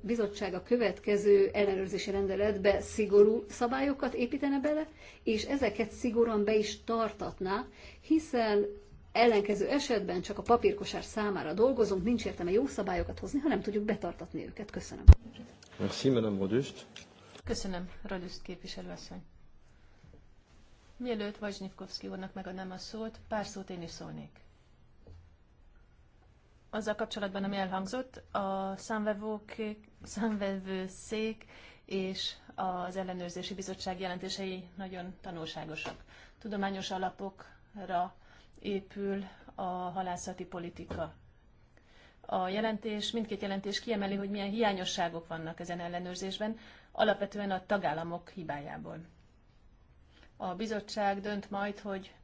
[SPEAKER 3] bizottság a következő ellenőrzési rendeletbe szigorú szabályokat építene bele, és ezeket szigorúan be is tartatná, hiszen Ellenkező esetben csak a papírkosár számára dolgozunk, nincs értelme jó szabályokat hozni, ha nem tudjuk betartatni őket. Köszönöm. Merci, Madame Rodust. Köszönöm, Rodust
[SPEAKER 2] képviselőasszony. Mielőtt Vajzsnyivkovszki úrnak megadnám a szót, pár szót én is szólnék. Azzal kapcsolatban, ami elhangzott, a számvevő szék és az ellenőrzési bizottság jelentései nagyon tanulságosak. Tudományos alapokra épül a halászati politika. A jelentés, mindkét jelentés kiemeli, hogy milyen hiányosságok vannak ezen ellenőrzésben, alapvetően a tagállamok hibájából. A bizottság dönt majd, hogy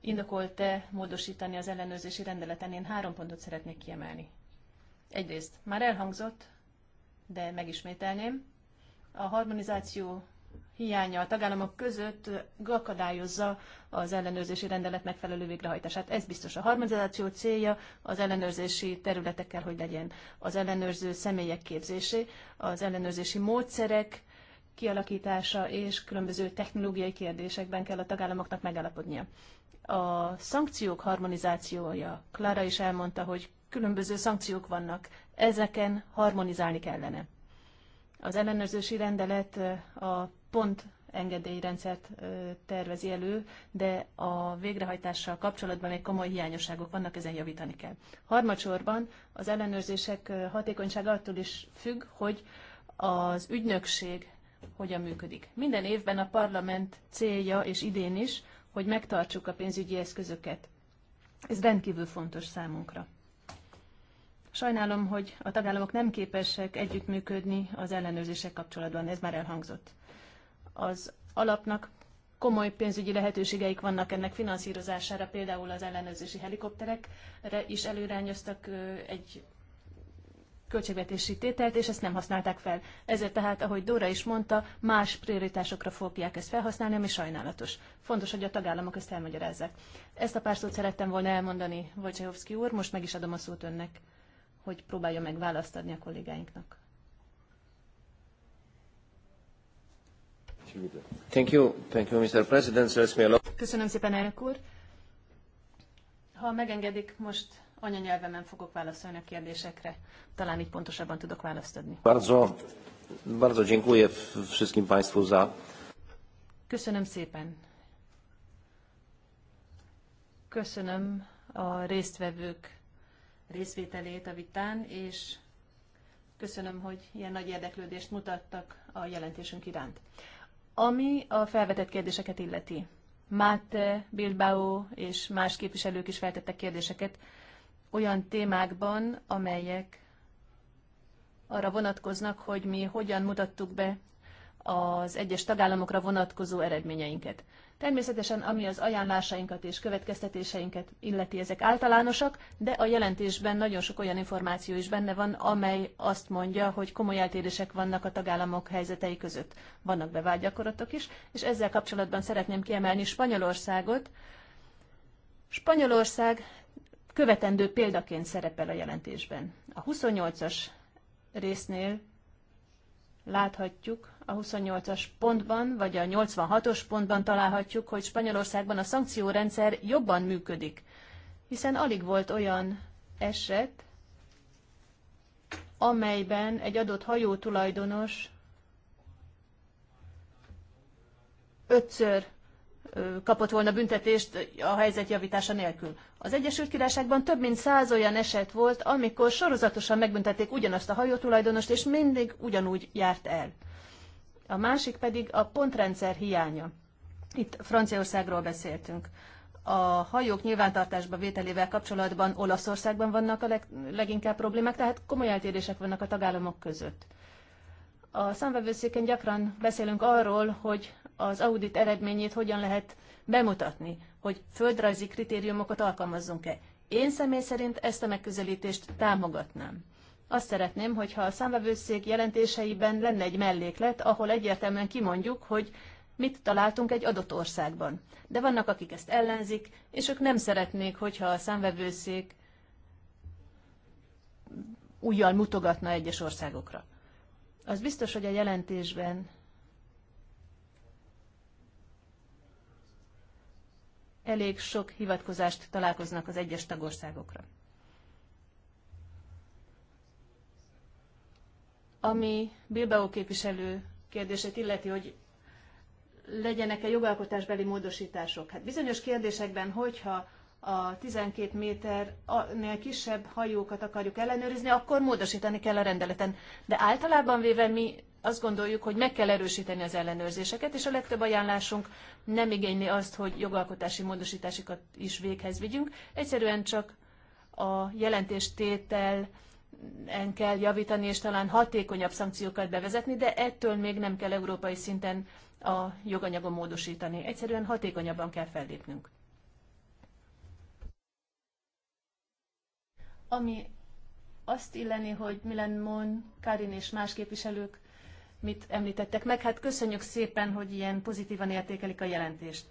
[SPEAKER 2] indokolt-e módosítani az ellenőrzési rendeleten. Én három pontot szeretnék kiemelni. Egyrészt már elhangzott, de megismételném, a harmonizáció hiánya a tagállamok között akadályozza az ellenőrzési rendelet megfelelő végrehajtását. Ez biztos a harmonizáció célja, az ellenőrzési területekkel, hogy legyen az ellenőrző személyek képzésé, az ellenőrzési módszerek kialakítása és különböző technológiai kérdésekben kell a tagállamoknak megállapodnia. A szankciók harmonizációja, Klára is elmondta, hogy különböző szankciók vannak, ezeken harmonizálni kellene. Az ellenőrzési rendelet a pont engedélyrendszert tervezi elő, de a végrehajtással kapcsolatban még komoly hiányosságok vannak, ezen javítani kell. Harmadsorban az ellenőrzések hatékonysága attól is függ, hogy az ügynökség hogyan működik. Minden évben a parlament célja, és idén is, hogy megtartsuk a pénzügyi eszközöket. Ez rendkívül fontos számunkra. Sajnálom, hogy a tagállamok nem képesek együttműködni az ellenőrzések kapcsolatban, ez már elhangzott az alapnak komoly pénzügyi lehetőségeik vannak ennek finanszírozására, például az ellenőrzési helikopterekre is előrányoztak egy költségvetési tételt, és ezt nem használták fel. Ezért tehát, ahogy Dóra is mondta, más prioritásokra fogják ezt felhasználni, ami sajnálatos. Fontos, hogy a tagállamok ezt elmagyarázzák. Ezt a pár szót szerettem volna elmondani Wojciechowski úr, most meg is adom a szót önnek, hogy próbálja meg választ adni a kollégáinknak.
[SPEAKER 1] Thank you. Thank you, Mr. President.
[SPEAKER 2] Köszönöm szépen, elnök úr. Ha megengedik, most anyanyelvemen fogok válaszolni a kérdésekre. Talán így pontosabban tudok választ adni.
[SPEAKER 3] Bardzo, bardzo dziękuję wszystkim Państwu za...
[SPEAKER 2] Köszönöm szépen. Köszönöm a résztvevők részvételét a vitán, és köszönöm, hogy ilyen nagy érdeklődést mutattak a jelentésünk iránt. Ami a felvetett kérdéseket illeti. Máte, Bilbao és más képviselők is feltettek kérdéseket olyan témákban, amelyek arra vonatkoznak, hogy mi hogyan mutattuk be az egyes tagállamokra vonatkozó eredményeinket. Természetesen, ami az ajánlásainkat és következtetéseinket illeti, ezek általánosak, de a jelentésben nagyon sok olyan információ is benne van, amely azt mondja, hogy komoly eltérések vannak a tagállamok helyzetei között. Vannak bevált gyakorlatok is, és ezzel kapcsolatban szeretném kiemelni Spanyolországot. Spanyolország követendő példaként szerepel a jelentésben. A 28-as résznél láthatjuk a 28-as pontban, vagy a 86-os pontban találhatjuk, hogy Spanyolországban a szankciórendszer jobban működik, hiszen alig volt olyan eset, amelyben egy adott hajó tulajdonos ötször kapott volna büntetést a helyzet javítása nélkül. Az Egyesült Királyságban több mint száz olyan eset volt, amikor sorozatosan megbüntették ugyanazt a hajótulajdonost, és mindig ugyanúgy járt el. A másik pedig a pontrendszer hiánya. Itt Franciaországról beszéltünk. A hajók nyilvántartásba vételével kapcsolatban Olaszországban vannak a leg, leginkább problémák, tehát komoly eltérések vannak a tagállamok között. A számvevőszéken gyakran beszélünk arról, hogy az audit eredményét hogyan lehet bemutatni hogy földrajzi kritériumokat alkalmazzunk-e. Én személy szerint ezt a megközelítést támogatnám. Azt szeretném, hogyha a számvevőszék jelentéseiben lenne egy melléklet, ahol egyértelműen kimondjuk, hogy mit találtunk egy adott országban. De vannak, akik ezt ellenzik, és ők nem szeretnék, hogyha a számvevőszék újjal mutogatna egyes országokra. Az biztos, hogy a jelentésben elég sok hivatkozást találkoznak az egyes tagországokra. Ami Bilbao képviselő kérdését illeti, hogy legyenek-e jogalkotásbeli módosítások. Hát bizonyos kérdésekben, hogyha a 12 méternél kisebb hajókat akarjuk ellenőrizni, akkor módosítani kell a rendeleten. De általában véve mi azt gondoljuk, hogy meg kell erősíteni az ellenőrzéseket, és a legtöbb ajánlásunk nem igényli azt, hogy jogalkotási módosításokat is véghez vigyünk, egyszerűen csak a jelentéstétel kell javítani, és talán hatékonyabb szankciókat bevezetni, de ettől még nem kell európai szinten a joganyagon módosítani. Egyszerűen hatékonyabban kell fellépnünk. Ami azt illeni, hogy Milan Mon, Karin és más képviselők mit említettek meg. Hát köszönjük szépen, hogy ilyen pozitívan értékelik a jelentést.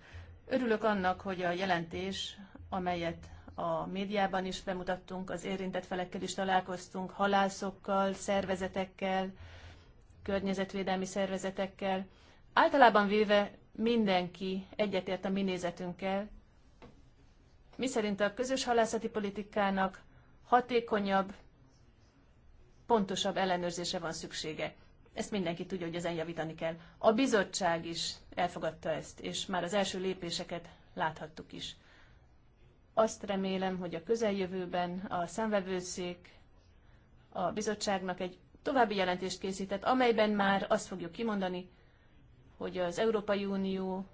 [SPEAKER 2] Örülök annak, hogy a jelentés, amelyet a médiában is bemutattunk, az érintett felekkel is találkoztunk, halászokkal, szervezetekkel, környezetvédelmi szervezetekkel. Általában véve mindenki egyetért a mi nézetünkkel, miszerint a közös halászati politikának hatékonyabb, pontosabb ellenőrzése van szüksége. Ezt mindenki tudja, hogy ezen javítani kell. A bizottság is elfogadta ezt, és már az első lépéseket láthattuk is. Azt remélem, hogy a közeljövőben a szemvevőszék a bizottságnak egy további jelentést készített, amelyben már azt fogjuk kimondani, hogy az Európai Unió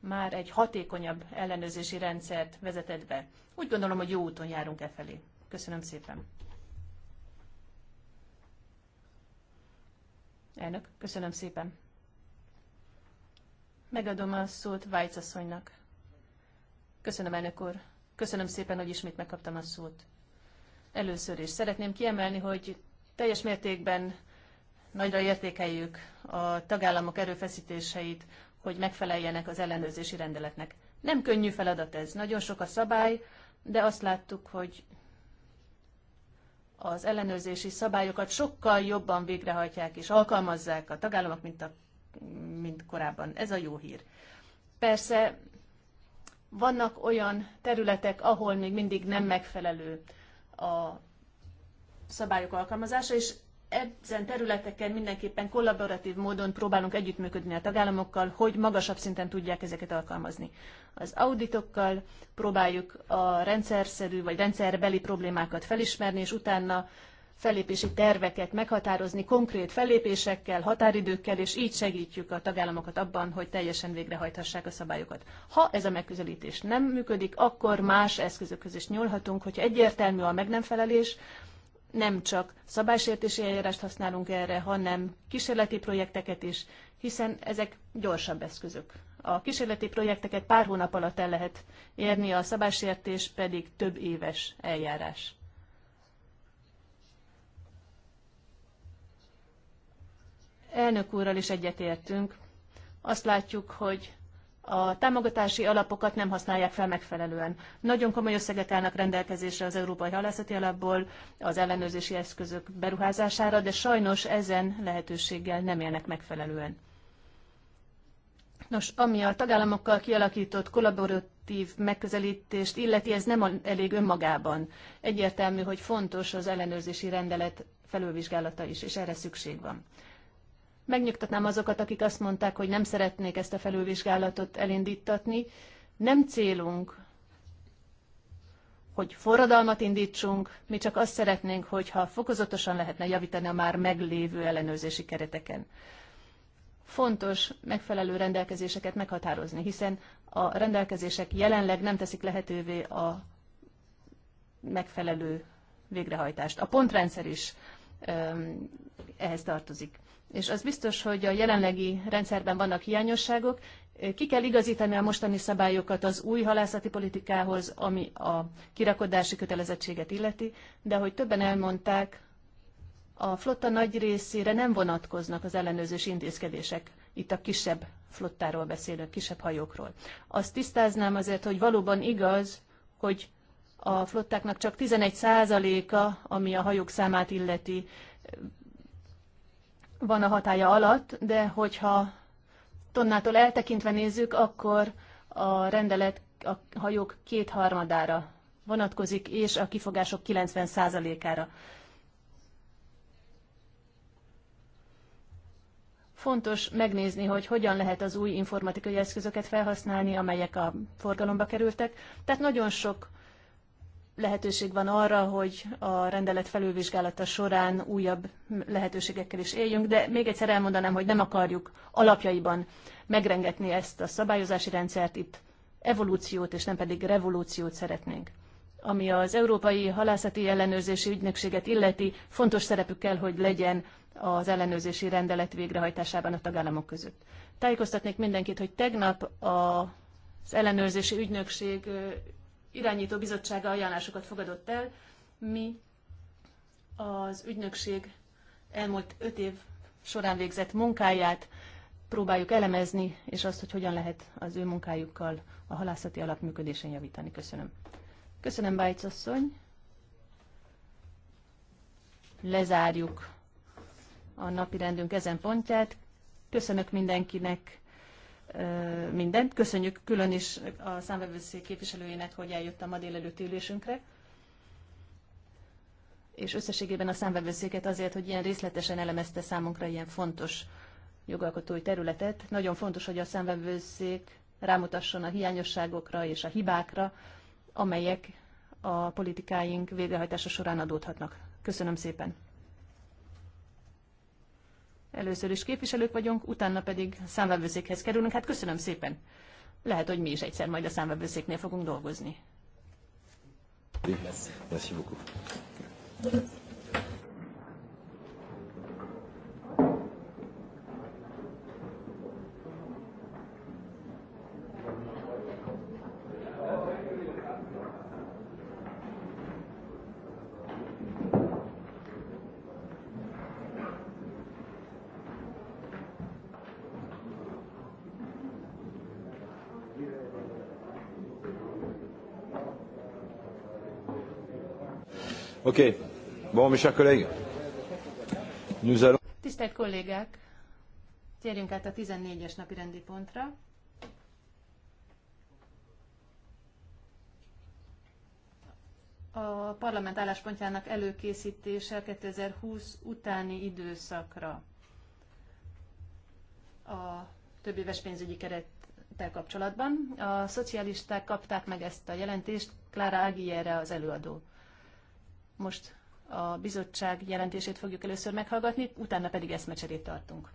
[SPEAKER 2] már egy hatékonyabb ellenőrzési rendszert vezetett be. Úgy gondolom, hogy jó úton járunk e felé. Köszönöm szépen. Elnök, köszönöm szépen. Megadom a szót Vájc asszonynak. Köszönöm, elnök úr. Köszönöm szépen, hogy ismét megkaptam a szót. Először is szeretném kiemelni, hogy teljes mértékben nagyra értékeljük a tagállamok erőfeszítéseit, hogy megfeleljenek az ellenőrzési rendeletnek. Nem könnyű feladat ez, nagyon sok a szabály, de azt láttuk, hogy az ellenőrzési szabályokat sokkal jobban végrehajtják és alkalmazzák a tagállamok, mint, a, mint korábban. Ez a jó hír. Persze vannak olyan területek, ahol még mindig nem megfelelő a szabályok alkalmazása, és ezen területeken mindenképpen kollaboratív módon próbálunk együttműködni a tagállamokkal, hogy magasabb szinten tudják ezeket alkalmazni. Az auditokkal próbáljuk a rendszerszerű vagy rendszerbeli problémákat felismerni, és utána fellépési terveket meghatározni konkrét fellépésekkel, határidőkkel, és így segítjük a tagállamokat abban, hogy teljesen végrehajthassák a szabályokat. Ha ez a megközelítés nem működik, akkor más eszközökhöz is nyúlhatunk, hogyha egyértelmű a meg nem felelés, nem csak szabálysértési eljárást használunk erre, hanem kísérleti projekteket is, hiszen ezek gyorsabb eszközök. A kísérleti projekteket pár hónap alatt el lehet érni, a szabálysértés pedig több éves eljárás. Elnök úrral is egyetértünk. Azt látjuk, hogy a támogatási alapokat nem használják fel megfelelően. Nagyon komoly összeget állnak rendelkezésre az Európai Halászati Alapból az ellenőrzési eszközök beruházására, de sajnos ezen lehetőséggel nem élnek megfelelően. Nos, ami a tagállamokkal kialakított kollaboratív megközelítést illeti, ez nem elég önmagában. Egyértelmű, hogy fontos az ellenőrzési rendelet felülvizsgálata is, és erre szükség van. Megnyugtatnám azokat, akik azt mondták, hogy nem szeretnék ezt a felülvizsgálatot elindítatni. Nem célunk, hogy forradalmat indítsunk, mi csak azt szeretnénk, hogyha fokozatosan lehetne javítani a már meglévő ellenőrzési kereteken fontos megfelelő rendelkezéseket meghatározni, hiszen a rendelkezések jelenleg nem teszik lehetővé a megfelelő végrehajtást. A pontrendszer is ehhez tartozik és az biztos, hogy a jelenlegi rendszerben vannak hiányosságok, ki kell igazítani a mostani szabályokat az új halászati politikához, ami a kirakodási kötelezettséget illeti, de hogy többen elmondták, a flotta nagy részére nem vonatkoznak az ellenőrzés intézkedések. Itt a kisebb flottáról beszélünk, kisebb hajókról. Azt tisztáznám azért, hogy valóban igaz, hogy a flottáknak csak 11%-a, ami a hajók számát illeti, van a hatája alatt, de hogyha tonnától eltekintve nézzük, akkor a rendelet a hajók kétharmadára vonatkozik, és a kifogások 90%-ára. Fontos megnézni, hogy hogyan lehet az új informatikai eszközöket felhasználni, amelyek a forgalomba kerültek. Tehát nagyon sok lehetőség van arra, hogy a rendelet felülvizsgálata során újabb lehetőségekkel is éljünk, de még egyszer elmondanám, hogy nem akarjuk alapjaiban megrengetni ezt a szabályozási rendszert, itt evolúciót és nem pedig revolúciót szeretnénk. Ami az Európai Halászati Ellenőrzési Ügynökséget illeti, fontos szerepük kell, hogy legyen az ellenőrzési rendelet végrehajtásában a tagállamok között. Tájékoztatnék mindenkit, hogy tegnap a az ellenőrzési ügynökség irányító bizottsága ajánlásokat fogadott el. Mi az ügynökség elmúlt öt év során végzett munkáját próbáljuk elemezni, és azt, hogy hogyan lehet az ő munkájukkal a halászati alap működésén javítani. Köszönöm. Köszönöm, Bájc asszony. Lezárjuk a napi rendünk ezen pontját. Köszönök mindenkinek mindent. Köszönjük külön is a számvevőszék képviselőjének, hogy eljött a ma délelőtt ülésünkre. És összességében a számvevőszéket azért, hogy ilyen részletesen elemezte számunkra ilyen fontos jogalkotói területet. Nagyon fontos, hogy a számvevőszék rámutasson a hiányosságokra és a hibákra, amelyek a politikáink végrehajtása során adódhatnak. Köszönöm szépen! Először is képviselők vagyunk, utána pedig számvevőszékhez kerülünk. Hát köszönöm szépen. Lehet, hogy mi is egyszer majd a számvevőszéknél fogunk dolgozni. Merci beaucoup.
[SPEAKER 3] Oké. Okay. Bon, mes chers collègues. Nous allons...
[SPEAKER 2] Tisztelt kollégák, térjünk át a 14-es napi rendi pontra. A parlament álláspontjának előkészítése 2020 utáni időszakra a többi éves pénzügyi kerettel kapcsolatban. A szocialisták kapták meg ezt a jelentést, Klára Ágierre az előadó. Most a bizottság jelentését fogjuk először meghallgatni, utána pedig eszmecserét tartunk.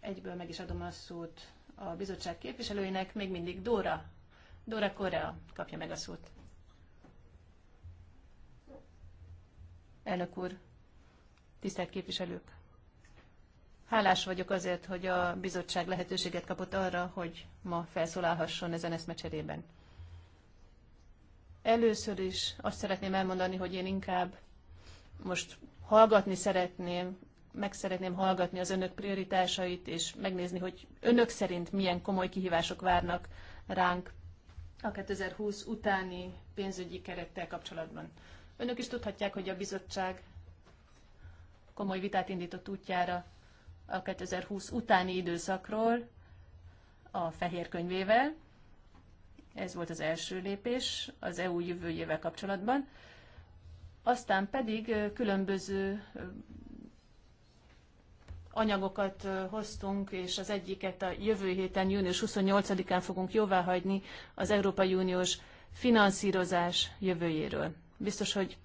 [SPEAKER 2] Egyből meg is adom a szót a bizottság képviselőinek, még mindig Dóra. Dóra Korea kapja meg a szót. Elnök úr, tisztelt képviselők! Hálás vagyok azért, hogy a bizottság lehetőséget kapott arra, hogy ma felszólalhasson ezen eszmecserében. Először is azt szeretném elmondani, hogy én inkább most hallgatni szeretném, meg szeretném hallgatni az önök prioritásait, és megnézni, hogy önök szerint milyen komoly kihívások várnak ránk a 2020 utáni pénzügyi kerettel kapcsolatban. Önök is tudhatják, hogy a bizottság komoly vitát indított útjára a 2020 utáni időszakról a fehér könyvével, ez volt az első lépés az EU jövőjével kapcsolatban. Aztán pedig különböző anyagokat hoztunk, és az egyiket a jövő héten, június 28-án fogunk jóváhagyni az Európai Uniós finanszírozás jövőjéről. Biztos, hogy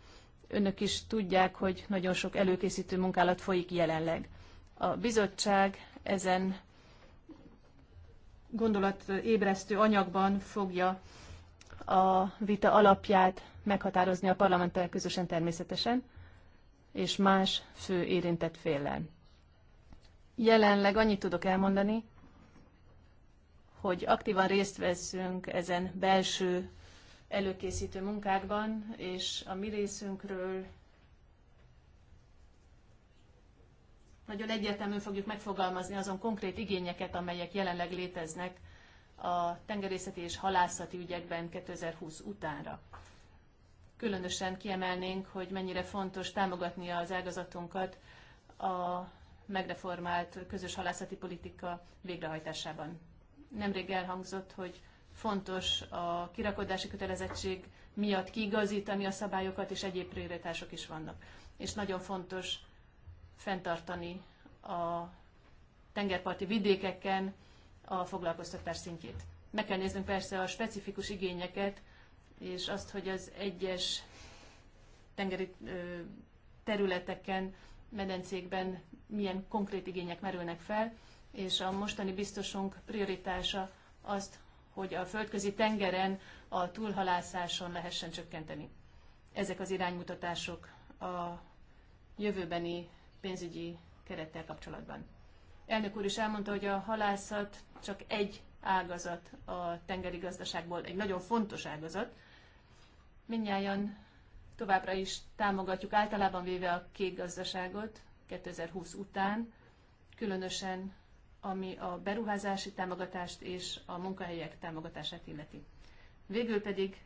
[SPEAKER 2] önök is tudják, hogy nagyon sok előkészítő munkálat folyik jelenleg. A bizottság ezen gondolatébresztő anyagban fogja a vita alapját meghatározni a parlamenttel közösen természetesen, és más fő érintett féllel. Jelenleg annyit tudok elmondani, hogy aktívan részt veszünk ezen belső előkészítő munkákban, és a mi részünkről nagyon egyértelműen fogjuk megfogalmazni azon konkrét igényeket, amelyek jelenleg léteznek a tengerészeti és halászati ügyekben 2020 utánra. Különösen kiemelnénk, hogy mennyire fontos támogatni az ágazatunkat a megreformált közös halászati politika végrehajtásában. Nemrég elhangzott, hogy fontos a kirakodási kötelezettség miatt kiigazítani a szabályokat, és egyéb prioritások is vannak. És nagyon fontos fenntartani a tengerparti vidékeken a foglalkoztatás szintjét. Meg kell néznünk persze a specifikus igényeket, és azt, hogy az egyes tengeri területeken, medencékben milyen konkrét igények merülnek fel, és a mostani biztosunk prioritása azt, hogy a földközi tengeren a túlhalászáson lehessen csökkenteni. Ezek az iránymutatások a jövőbeni pénzügyi kerettel kapcsolatban. Elnök úr is elmondta, hogy a halászat csak egy ágazat a tengeri gazdaságból, egy nagyon fontos ágazat. Mindnyájan továbbra is támogatjuk általában véve a kék gazdaságot 2020 után, különösen ami a beruházási támogatást és a munkahelyek támogatását illeti. Végül pedig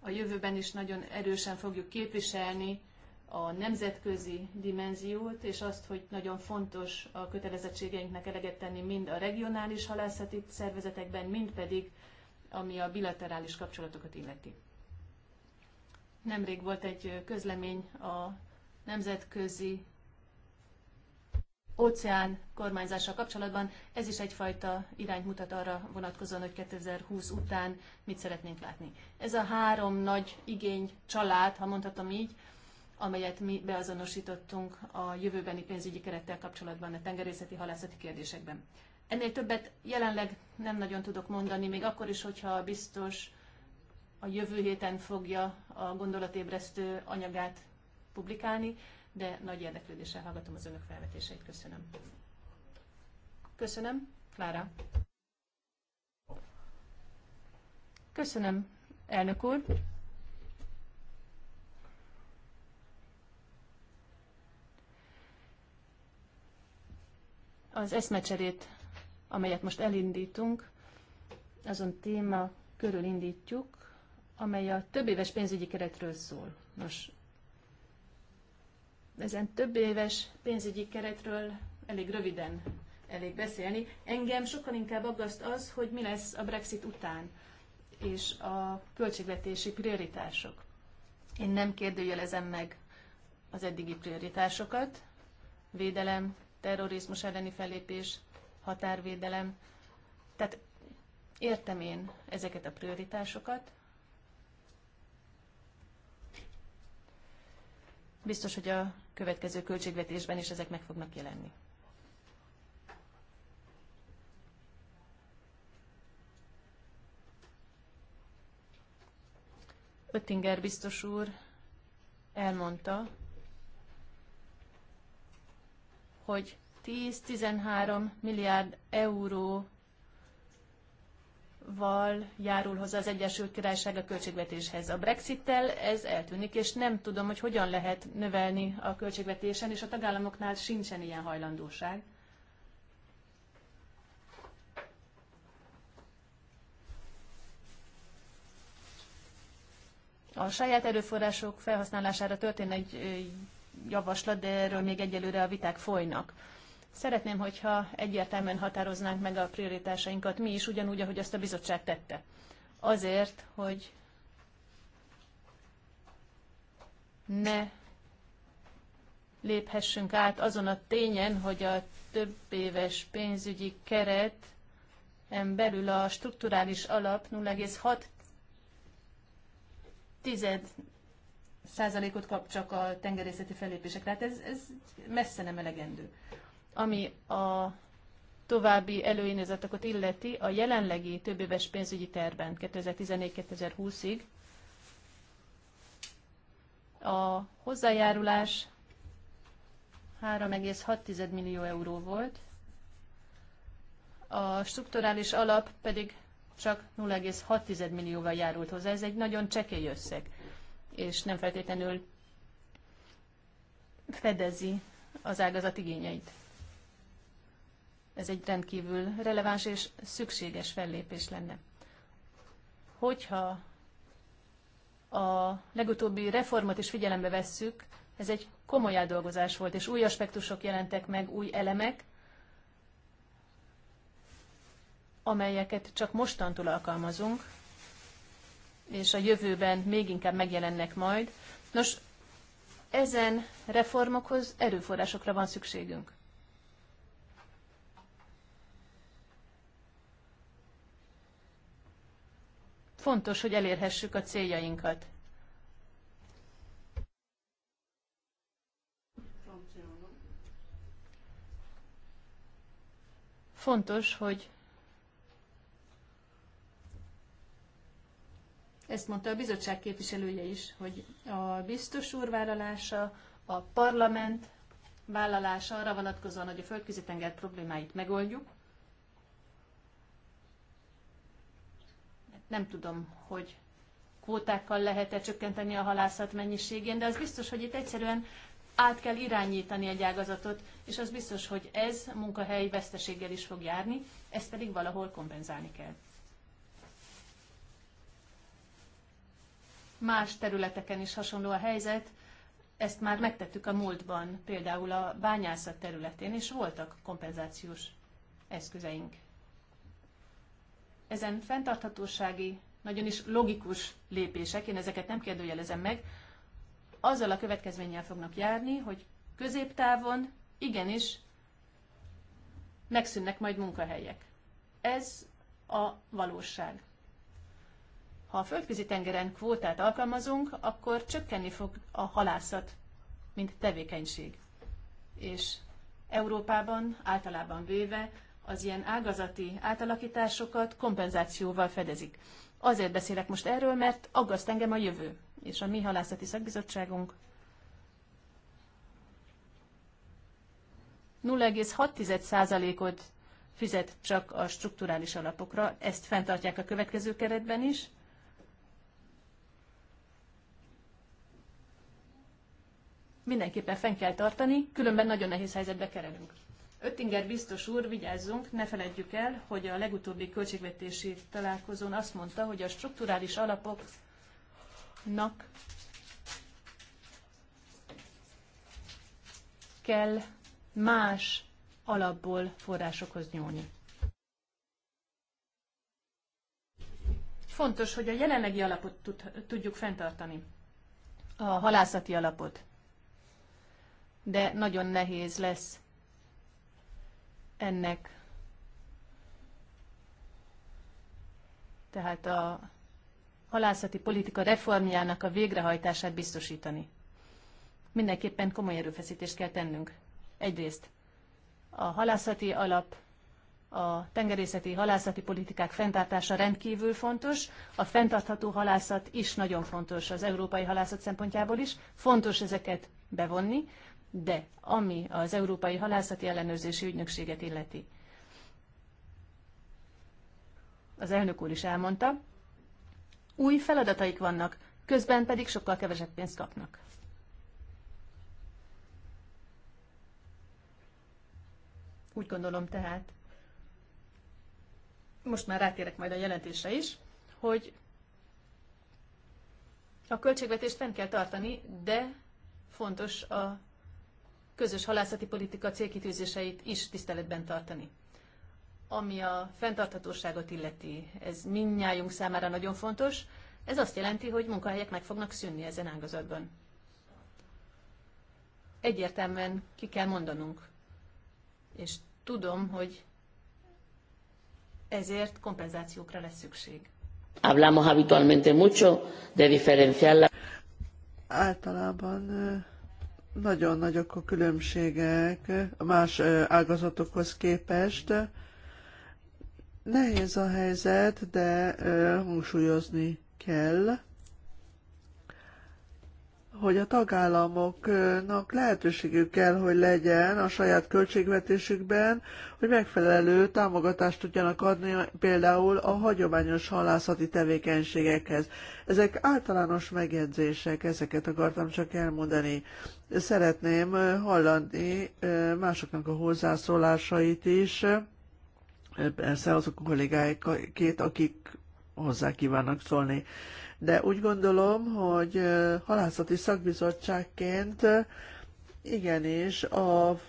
[SPEAKER 2] a jövőben is nagyon erősen fogjuk képviselni a nemzetközi dimenziót, és azt, hogy nagyon fontos a kötelezettségeinknek eleget tenni mind a regionális halászati szervezetekben, mind pedig ami a bilaterális kapcsolatokat illeti. Nemrég volt egy közlemény a nemzetközi óceán kormányzása kapcsolatban. Ez is egyfajta irányt mutat arra vonatkozóan, hogy 2020 után mit szeretnénk látni. Ez a három nagy igény család, ha mondhatom így, amelyet mi beazonosítottunk a jövőbeni pénzügyi kerettel kapcsolatban a tengerészeti halászati kérdésekben. Ennél többet jelenleg nem nagyon tudok mondani, még akkor is, hogyha biztos a jövő héten fogja a gondolatébresztő anyagát publikálni, de nagy érdeklődéssel hallgatom az önök felvetéseit. Köszönöm. Köszönöm. Klára. Köszönöm, elnök úr. Az eszmecserét, amelyet most elindítunk, azon téma körül indítjuk, amely a több éves pénzügyi keretről szól. Nos, ezen több éves pénzügyi keretről elég röviden elég beszélni. Engem sokkal inkább aggaszt az, hogy mi lesz a Brexit után, és a költségvetési prioritások. Én nem kérdőjelezem meg az eddigi prioritásokat, védelem, terrorizmus elleni fellépés, határvédelem. Tehát értem én ezeket a prioritásokat. Biztos, hogy a következő költségvetésben is ezek meg fognak jelenni. Öttinger biztos úr elmondta, hogy 10-13 milliárd euróval járul hozzá az Egyesült Királyság a költségvetéshez. A Brexittel ez eltűnik, és nem tudom, hogy hogyan lehet növelni a költségvetésen, és a tagállamoknál sincsen ilyen hajlandóság. a saját erőforrások felhasználására történ egy javaslat, de erről még egyelőre a viták folynak. Szeretném, hogyha egyértelműen határoznánk meg a prioritásainkat mi is, ugyanúgy, ahogy azt a bizottság tette. Azért, hogy ne léphessünk át azon a tényen, hogy a több éves pénzügyi keret belül a strukturális alap 0,6 százalékot kap csak a tengerészeti fellépések. Tehát ez, ez messze nem elegendő. Ami a további előinezetokat illeti, a jelenlegi többéves pénzügyi tervben 2014-2020-ig a hozzájárulás 3,6 millió euró volt, a strukturális alap pedig csak 0,6 millióval járult hozzá. Ez egy nagyon csekély összeg és nem feltétlenül fedezi az ágazat igényeit. Ez egy rendkívül releváns és szükséges fellépés lenne. Hogyha a legutóbbi reformot is figyelembe vesszük, ez egy komoly átdolgozás volt, és új aspektusok jelentek meg, új elemek, amelyeket csak mostantól alkalmazunk, és a jövőben még inkább megjelennek majd. Nos, ezen reformokhoz erőforrásokra van szükségünk. Fontos, hogy elérhessük a céljainkat. Fontos, hogy Ezt mondta a bizottság képviselője is, hogy a biztos úr vállalása, a parlament vállalása arra vonatkozóan, hogy a földközi tenger problémáit megoldjuk. Nem tudom, hogy kvótákkal lehet-e csökkenteni a halászat mennyiségén, de az biztos, hogy itt egyszerűen át kell irányítani egy ágazatot, és az biztos, hogy ez munkahelyi veszteséggel is fog járni, ezt pedig valahol kompenzálni kell. Más területeken is hasonló a helyzet, ezt már megtettük a múltban, például a bányászat területén, és voltak kompenzációs eszközeink. Ezen fenntarthatósági, nagyon is logikus lépések, én ezeket nem kérdőjelezem meg, azzal a következménnyel fognak járni, hogy középtávon igenis megszűnnek majd munkahelyek. Ez a valóság. Ha a földközi tengeren kvótát alkalmazunk, akkor csökkenni fog a halászat, mint tevékenység. És Európában általában véve az ilyen ágazati átalakításokat kompenzációval fedezik. Azért beszélek most erről, mert aggaszt engem a jövő, és a mi halászati szakbizottságunk 0,6%-ot fizet csak a strukturális alapokra, ezt fenntartják a következő keretben is, mindenképpen fenn kell tartani, különben nagyon nehéz helyzetbe kerülünk. Öttinger biztos úr, vigyázzunk, ne feledjük el, hogy a legutóbbi költségvetési találkozón azt mondta, hogy a strukturális alapoknak kell más alapból forrásokhoz nyúlni. Fontos, hogy a jelenlegi alapot tud, tudjuk fenntartani, a halászati alapot de nagyon nehéz lesz ennek. Tehát a halászati politika reformjának a végrehajtását biztosítani. Mindenképpen komoly erőfeszítést kell tennünk. Egyrészt a halászati alap, a tengerészeti halászati politikák fenntartása rendkívül fontos, a fenntartható halászat is nagyon fontos az európai halászat szempontjából is, fontos ezeket bevonni, de ami az Európai Halászati Ellenőrzési Ügynökséget illeti, az elnök úr is elmondta, új feladataik vannak, közben pedig sokkal kevesebb pénzt kapnak. Úgy gondolom tehát, most már rátérek majd a jelentésre is, hogy a költségvetést fenn kell tartani, de fontos a közös halászati politika célkitűzéseit is tiszteletben tartani. Ami a fenntarthatóságot illeti, ez mindnyájunk számára nagyon fontos. Ez azt jelenti, hogy munkahelyek meg fognak szűnni ezen ágazatban. Egyértelműen ki kell mondanunk. És tudom, hogy ezért kompenzációkra lesz szükség. Hablamos habitualmente mucho de diferenciar la...
[SPEAKER 1] Általában nagyon nagyok a különbségek más ágazatokhoz képest. Nehéz a helyzet, de hangsúlyozni kell hogy a tagállamoknak lehetőségük kell, hogy legyen a saját költségvetésükben, hogy megfelelő támogatást tudjanak adni például a hagyományos halászati tevékenységekhez. Ezek általános megjegyzések, ezeket akartam csak elmondani. Szeretném hallani másoknak a hozzászólásait is, persze azok a kollégáikét, akik hozzá kívánnak szólni de úgy gondolom, hogy halászati szakbizottságként igenis a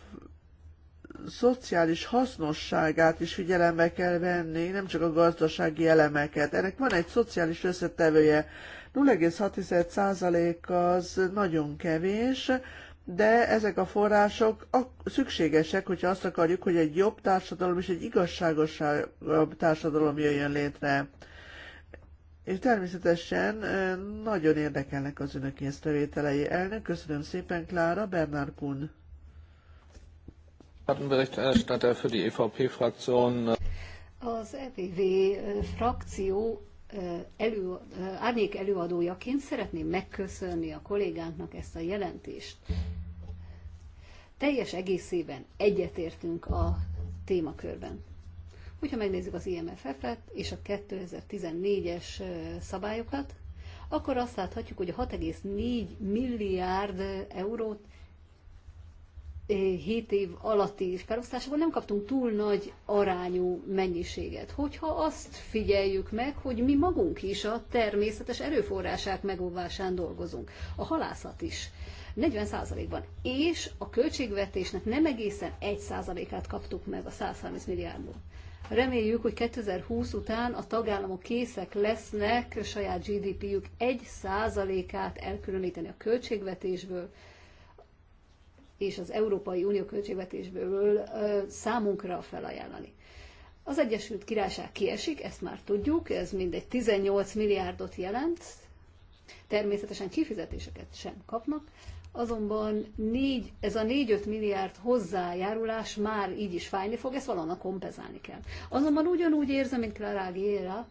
[SPEAKER 1] szociális hasznosságát is figyelembe kell venni, nem csak a gazdasági elemeket. Ennek van egy szociális összetevője. 0,6% az nagyon kevés, de ezek a források szükségesek, hogyha azt akarjuk, hogy egy jobb társadalom és egy igazságosabb társadalom jöjjön létre. És természetesen nagyon érdekelnek az önök észrevételei. Elnök, köszönöm szépen, Klára, Bernard Kuhn. E az EPV frakció
[SPEAKER 3] elő, árnyék előadójaként szeretném megköszönni a kollégánknak ezt a jelentést. Teljes egészében egyetértünk a témakörben. Hogyha megnézzük az IMFF-et és a 2014-es szabályokat, akkor azt láthatjuk, hogy a 6,4 milliárd eurót 7 év alatti felosztásában nem kaptunk túl nagy arányú mennyiséget. Hogyha azt figyeljük meg, hogy mi magunk is a természetes erőforrását megóvásán dolgozunk, a halászat is 40%-ban, és a költségvetésnek nem egészen 1%-át kaptuk meg a 130 milliárdból. Reméljük, hogy 2020 után a tagállamok készek lesznek saját GDP-jük 1%-át elkülöníteni a költségvetésből, és az Európai Unió költségvetésből számunkra felajánlani. Az Egyesült Királyság kiesik, ezt már tudjuk, ez mindegy 18 milliárdot jelent, természetesen kifizetéseket sem kapnak, azonban négy, ez a 4-5 milliárd hozzájárulás már így is fájni fog, ezt valahonnan kompenzálni kell. Azonban ugyanúgy érzem, mint Clara Géra,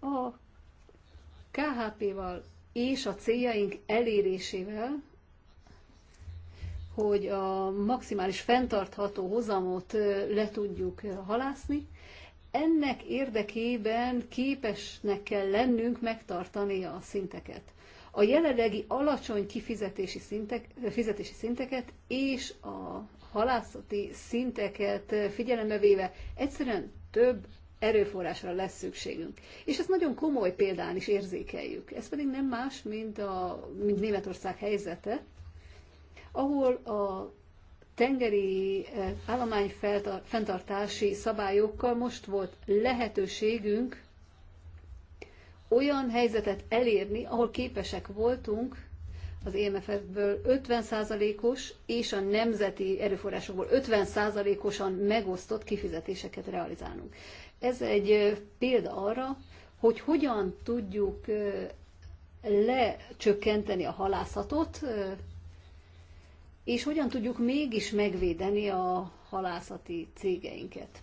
[SPEAKER 3] a KHP-val és a céljaink elérésével, hogy a maximális fenntartható hozamot le tudjuk halászni, ennek érdekében képesnek kell lennünk megtartani a szinteket a jelenlegi alacsony kifizetési szintek, fizetési szinteket és a halászati szinteket figyelembe véve egyszerűen több erőforrásra lesz szükségünk. És ezt nagyon komoly példán is érzékeljük. Ez pedig nem más, mint, a, mint Németország helyzete, ahol a tengeri eh, állomány fenntartási szabályokkal most volt lehetőségünk olyan helyzetet elérni, ahol képesek voltunk az EMF-ből 50%-os és a nemzeti erőforrásokból 50%-osan megosztott kifizetéseket realizálnunk. Ez egy példa arra, hogy hogyan tudjuk lecsökkenteni a halászatot, és hogyan tudjuk mégis megvédeni a halászati cégeinket.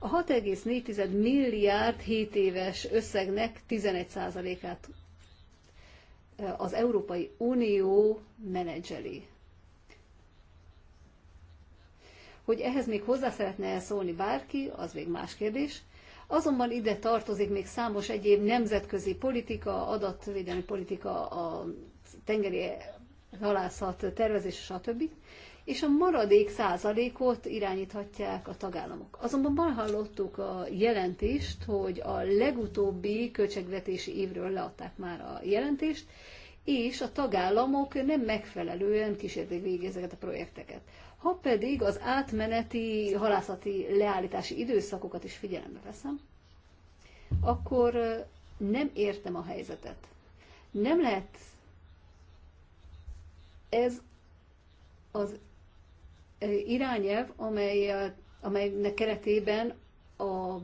[SPEAKER 3] A 6,4 milliárd 7 éves összegnek 11%-át az Európai Unió menedzseli. Hogy ehhez még hozzá szeretne -e szólni bárki, az még más kérdés. Azonban ide tartozik még számos egyéb nemzetközi politika, adatvédelmi politika, a tengeri halászat tervezés, stb és a maradék százalékot irányíthatják a tagállamok. Azonban már hallottuk a jelentést, hogy a legutóbbi költségvetési évről leadták már a jelentést, és a tagállamok nem megfelelően kísérték végig ezeket a projekteket. Ha pedig az átmeneti halászati leállítási időszakokat is figyelembe veszem, akkor nem értem a helyzetet. Nem lehet ez az irányelv, amely, amelynek keretében a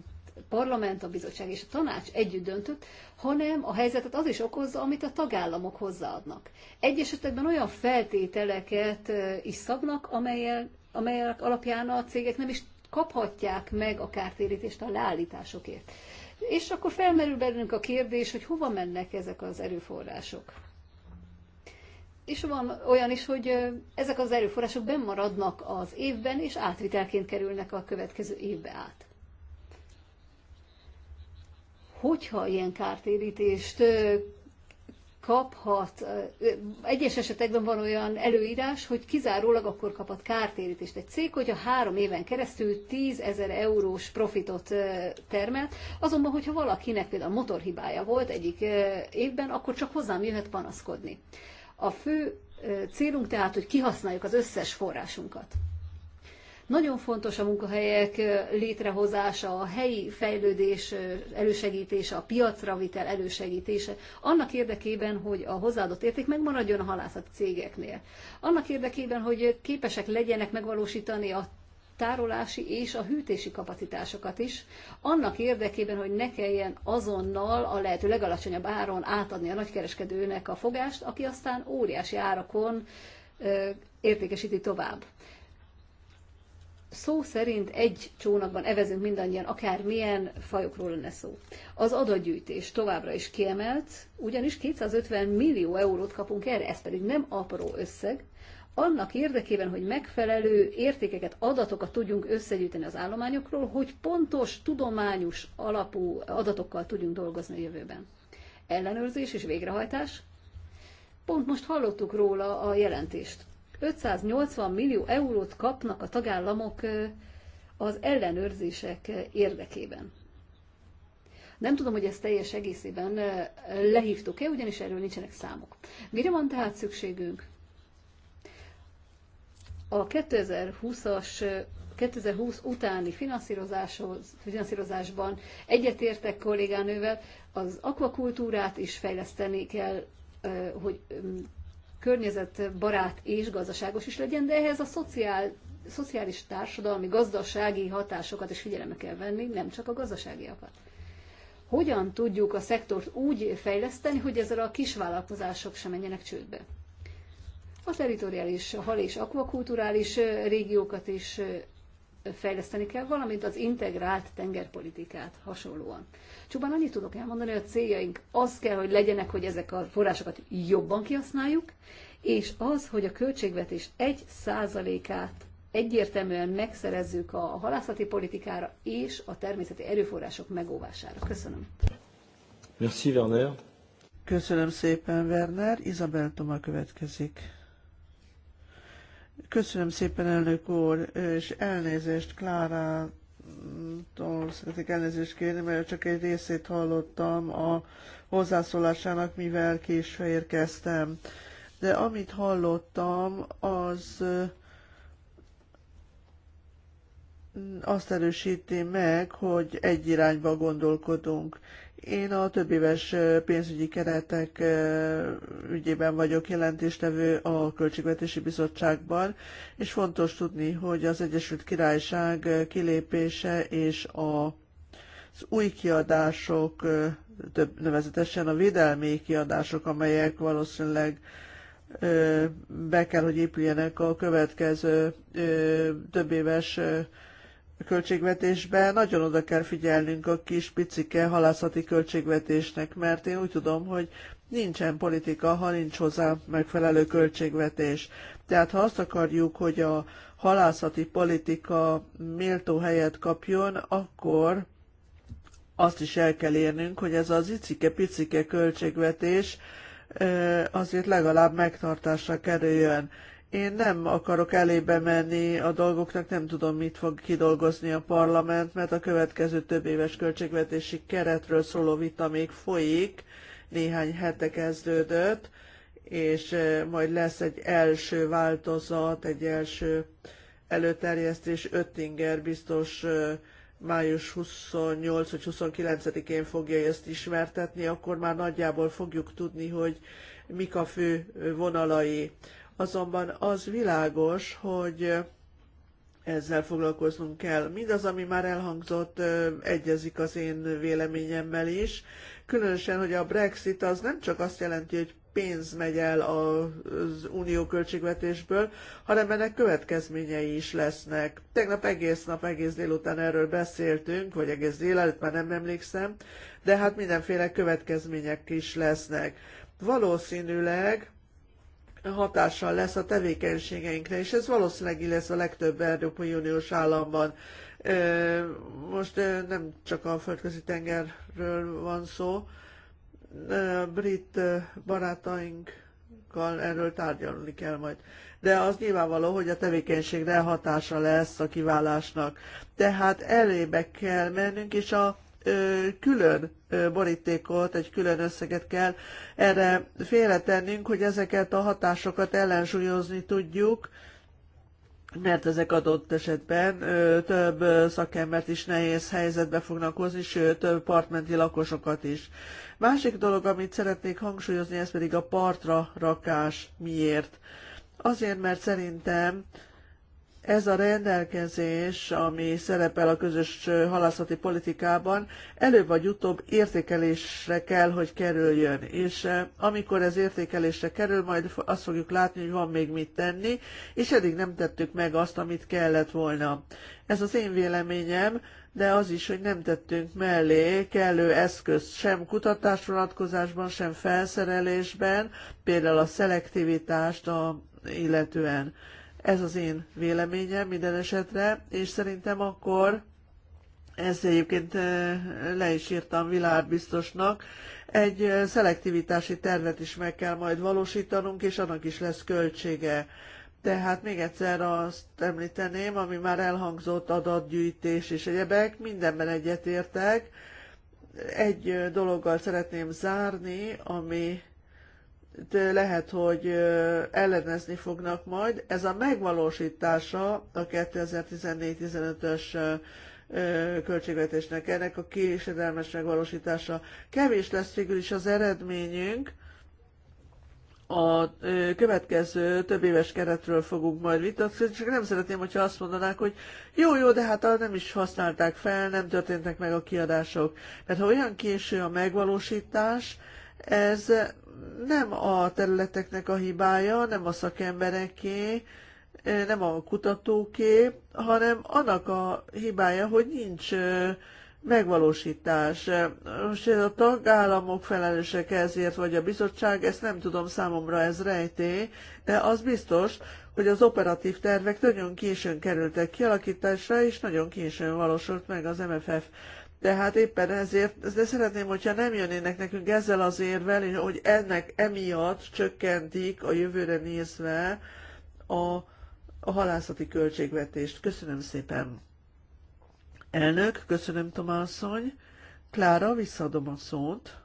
[SPEAKER 3] parlament, a bizottság és a tanács együtt döntött, hanem a helyzetet az is okozza, amit a tagállamok hozzáadnak. Egy esetekben olyan feltételeket is szabnak, amelyek, amelyek alapján a cégek nem is kaphatják meg a kártérítést a leállításokért. És akkor felmerül bennünk a kérdés, hogy hova mennek ezek az erőforrások és van olyan is, hogy ezek az erőforrások bennmaradnak az évben, és átvitelként kerülnek a következő évbe át. Hogyha ilyen kártérítést kaphat, egyes esetekben van olyan előírás, hogy kizárólag akkor kaphat kártérítést egy cég, hogyha három éven keresztül 10 ezer eurós profitot termelt, azonban, hogyha valakinek például motorhibája volt egyik évben, akkor csak hozzám jöhet panaszkodni. A fő célunk tehát, hogy kihasználjuk az összes forrásunkat. Nagyon fontos a munkahelyek létrehozása, a helyi fejlődés elősegítése, a piacra vitel elősegítése, annak érdekében, hogy a hozzáadott érték megmaradjon a halászat cégeknél. Annak érdekében, hogy képesek legyenek megvalósítani a tárolási és a hűtési kapacitásokat is, annak érdekében, hogy ne kelljen azonnal a lehető legalacsonyabb áron átadni a nagykereskedőnek a fogást, aki aztán óriási árakon ö, értékesíti tovább. Szó szerint egy csónakban evezünk mindannyian, akár milyen fajokról lenne szó. Az adatgyűjtés továbbra is kiemelt, ugyanis 250 millió eurót kapunk erre, ez pedig nem apró összeg, annak érdekében, hogy megfelelő értékeket, adatokat tudjunk összegyűjteni az állományokról, hogy pontos, tudományos alapú adatokkal tudjunk dolgozni a jövőben. Ellenőrzés és végrehajtás. Pont most hallottuk róla a jelentést. 580 millió eurót kapnak a tagállamok az ellenőrzések érdekében. Nem tudom, hogy ezt teljes egészében lehívtuk-e, ugyanis erről nincsenek számok. Mire van tehát szükségünk? A 2020-as 2020 utáni finanszírozáshoz, finanszírozásban egyetértek kollégánővel, az akvakultúrát is fejleszteni kell, hogy környezetbarát és gazdaságos is legyen, de ehhez a szociál, szociális, társadalmi, gazdasági hatásokat is figyelembe kell venni, nem csak a gazdaságiakat. Hogyan tudjuk a szektort úgy fejleszteni, hogy ezzel a kisvállalkozások sem menjenek csődbe? A teritoriális hal- és akvakulturális régiókat is fejleszteni kell, valamint az integrált tengerpolitikát hasonlóan. Csupán annyit tudok elmondani, hogy a céljaink az kell, hogy legyenek, hogy ezek a forrásokat jobban kihasználjuk, és az, hogy a költségvetés egy százalékát egyértelműen megszerezzük a halászati politikára és a természeti erőforrások megóvására. Köszönöm.
[SPEAKER 1] Merci, Werner. Köszönöm szépen, Werner. Isabel Toma következik. Köszönöm szépen, elnök úr, és elnézést Klárától szeretnék elnézést kérni, mert csak egy részét hallottam a hozzászólásának, mivel késve érkeztem. De amit hallottam, az azt erősíti meg, hogy egy irányba gondolkodunk. Én a többéves pénzügyi keretek ügyében vagyok jelentéstevő a Költségvetési Bizottságban, és fontos tudni, hogy az Egyesült Királyság kilépése és a, az új kiadások, több, nevezetesen a védelmi kiadások, amelyek valószínűleg be kell, hogy épüljenek a következő többéves költségvetésben nagyon oda kell figyelnünk a kis picike halászati költségvetésnek, mert én úgy tudom, hogy nincsen politika, ha nincs hozzá megfelelő költségvetés. Tehát ha azt akarjuk, hogy a halászati politika méltó helyet kapjon, akkor azt is el kell érnünk, hogy ez az icike-picike költségvetés azért legalább megtartásra kerüljön. Én nem akarok elébe menni a dolgoknak, nem tudom, mit fog kidolgozni a parlament, mert a következő több éves költségvetési keretről szóló vita még folyik, néhány hete kezdődött, és eh, majd lesz egy első változat, egy első előterjesztés. Öttinger biztos eh, május 28 vagy 29-én fogja ezt ismertetni, akkor már nagyjából fogjuk tudni, hogy mik a fő vonalai azonban az világos, hogy ezzel foglalkoznunk kell. Mindaz, ami már elhangzott, egyezik az én véleményemmel is. Különösen, hogy a Brexit az nem csak azt jelenti, hogy pénz megy el az unió költségvetésből, hanem ennek következményei is lesznek. Tegnap egész nap, egész délután erről beszéltünk, vagy egész délelőtt már nem emlékszem, de hát mindenféle következmények is lesznek. Valószínűleg hatással lesz a tevékenységeinkre, és ez valószínűleg így lesz a legtöbb Európai Uniós államban. Most nem csak a földközi tengerről van szó, a brit barátainkkal erről tárgyalni kell majd. De az nyilvánvaló, hogy a tevékenységre hatása lesz a kiválásnak. Tehát elébe kell mennünk, és a külön borítékot, egy külön összeget kell erre félretennünk, hogy ezeket a hatásokat ellensúlyozni tudjuk, mert ezek adott esetben több szakembert is nehéz helyzetbe fognak hozni, sőt, több partmenti lakosokat is. Másik dolog, amit szeretnék hangsúlyozni, ez pedig a partra rakás. Miért? Azért, mert szerintem ez a rendelkezés, ami szerepel a közös halászati politikában, előbb vagy utóbb értékelésre kell, hogy kerüljön. És eh, amikor ez értékelésre kerül, majd azt fogjuk látni, hogy van még mit tenni, és eddig nem tettük meg azt, amit kellett volna. Ez az én véleményem, de az is, hogy nem tettünk mellé kellő eszközt sem kutatás vonatkozásban, sem felszerelésben, például a szelektivitást a, illetően ez az én véleményem minden esetre, és szerintem akkor ezt egyébként le is írtam világbiztosnak. Egy szelektivitási tervet is meg kell majd valósítanunk, és annak is lesz költsége. Tehát még egyszer azt említeném, ami már elhangzott adatgyűjtés és egyebek, mindenben egyetértek. Egy dologgal szeretném zárni, ami de lehet, hogy ellenezni fognak majd. Ez a megvalósítása a 2014-15-ös költségvetésnek, ennek a késedelmes megvalósítása. Kevés lesz végül is az eredményünk, a következő több éves keretről fogunk majd vitatkozni, csak nem szeretném, hogyha azt mondanák, hogy jó, jó, de hát nem is használták fel, nem történtek meg a kiadások. Mert ha olyan késő a megvalósítás, ez nem a területeknek a hibája, nem a szakembereké, nem a kutatóké, hanem annak a hibája, hogy nincs megvalósítás. Most a tagállamok felelősek ezért, vagy a bizottság, ezt nem tudom, számomra ez rejté, de az biztos, hogy az operatív tervek nagyon későn kerültek kialakításra, és nagyon későn valósult meg az MFF. Tehát éppen ezért, de szeretném, hogyha nem jönnének nekünk ezzel az érvel, hogy ennek emiatt csökkentik a jövőre nézve a, a halászati költségvetést. Köszönöm szépen. Elnök, köszönöm Tomászony. Klára, visszaadom a szót.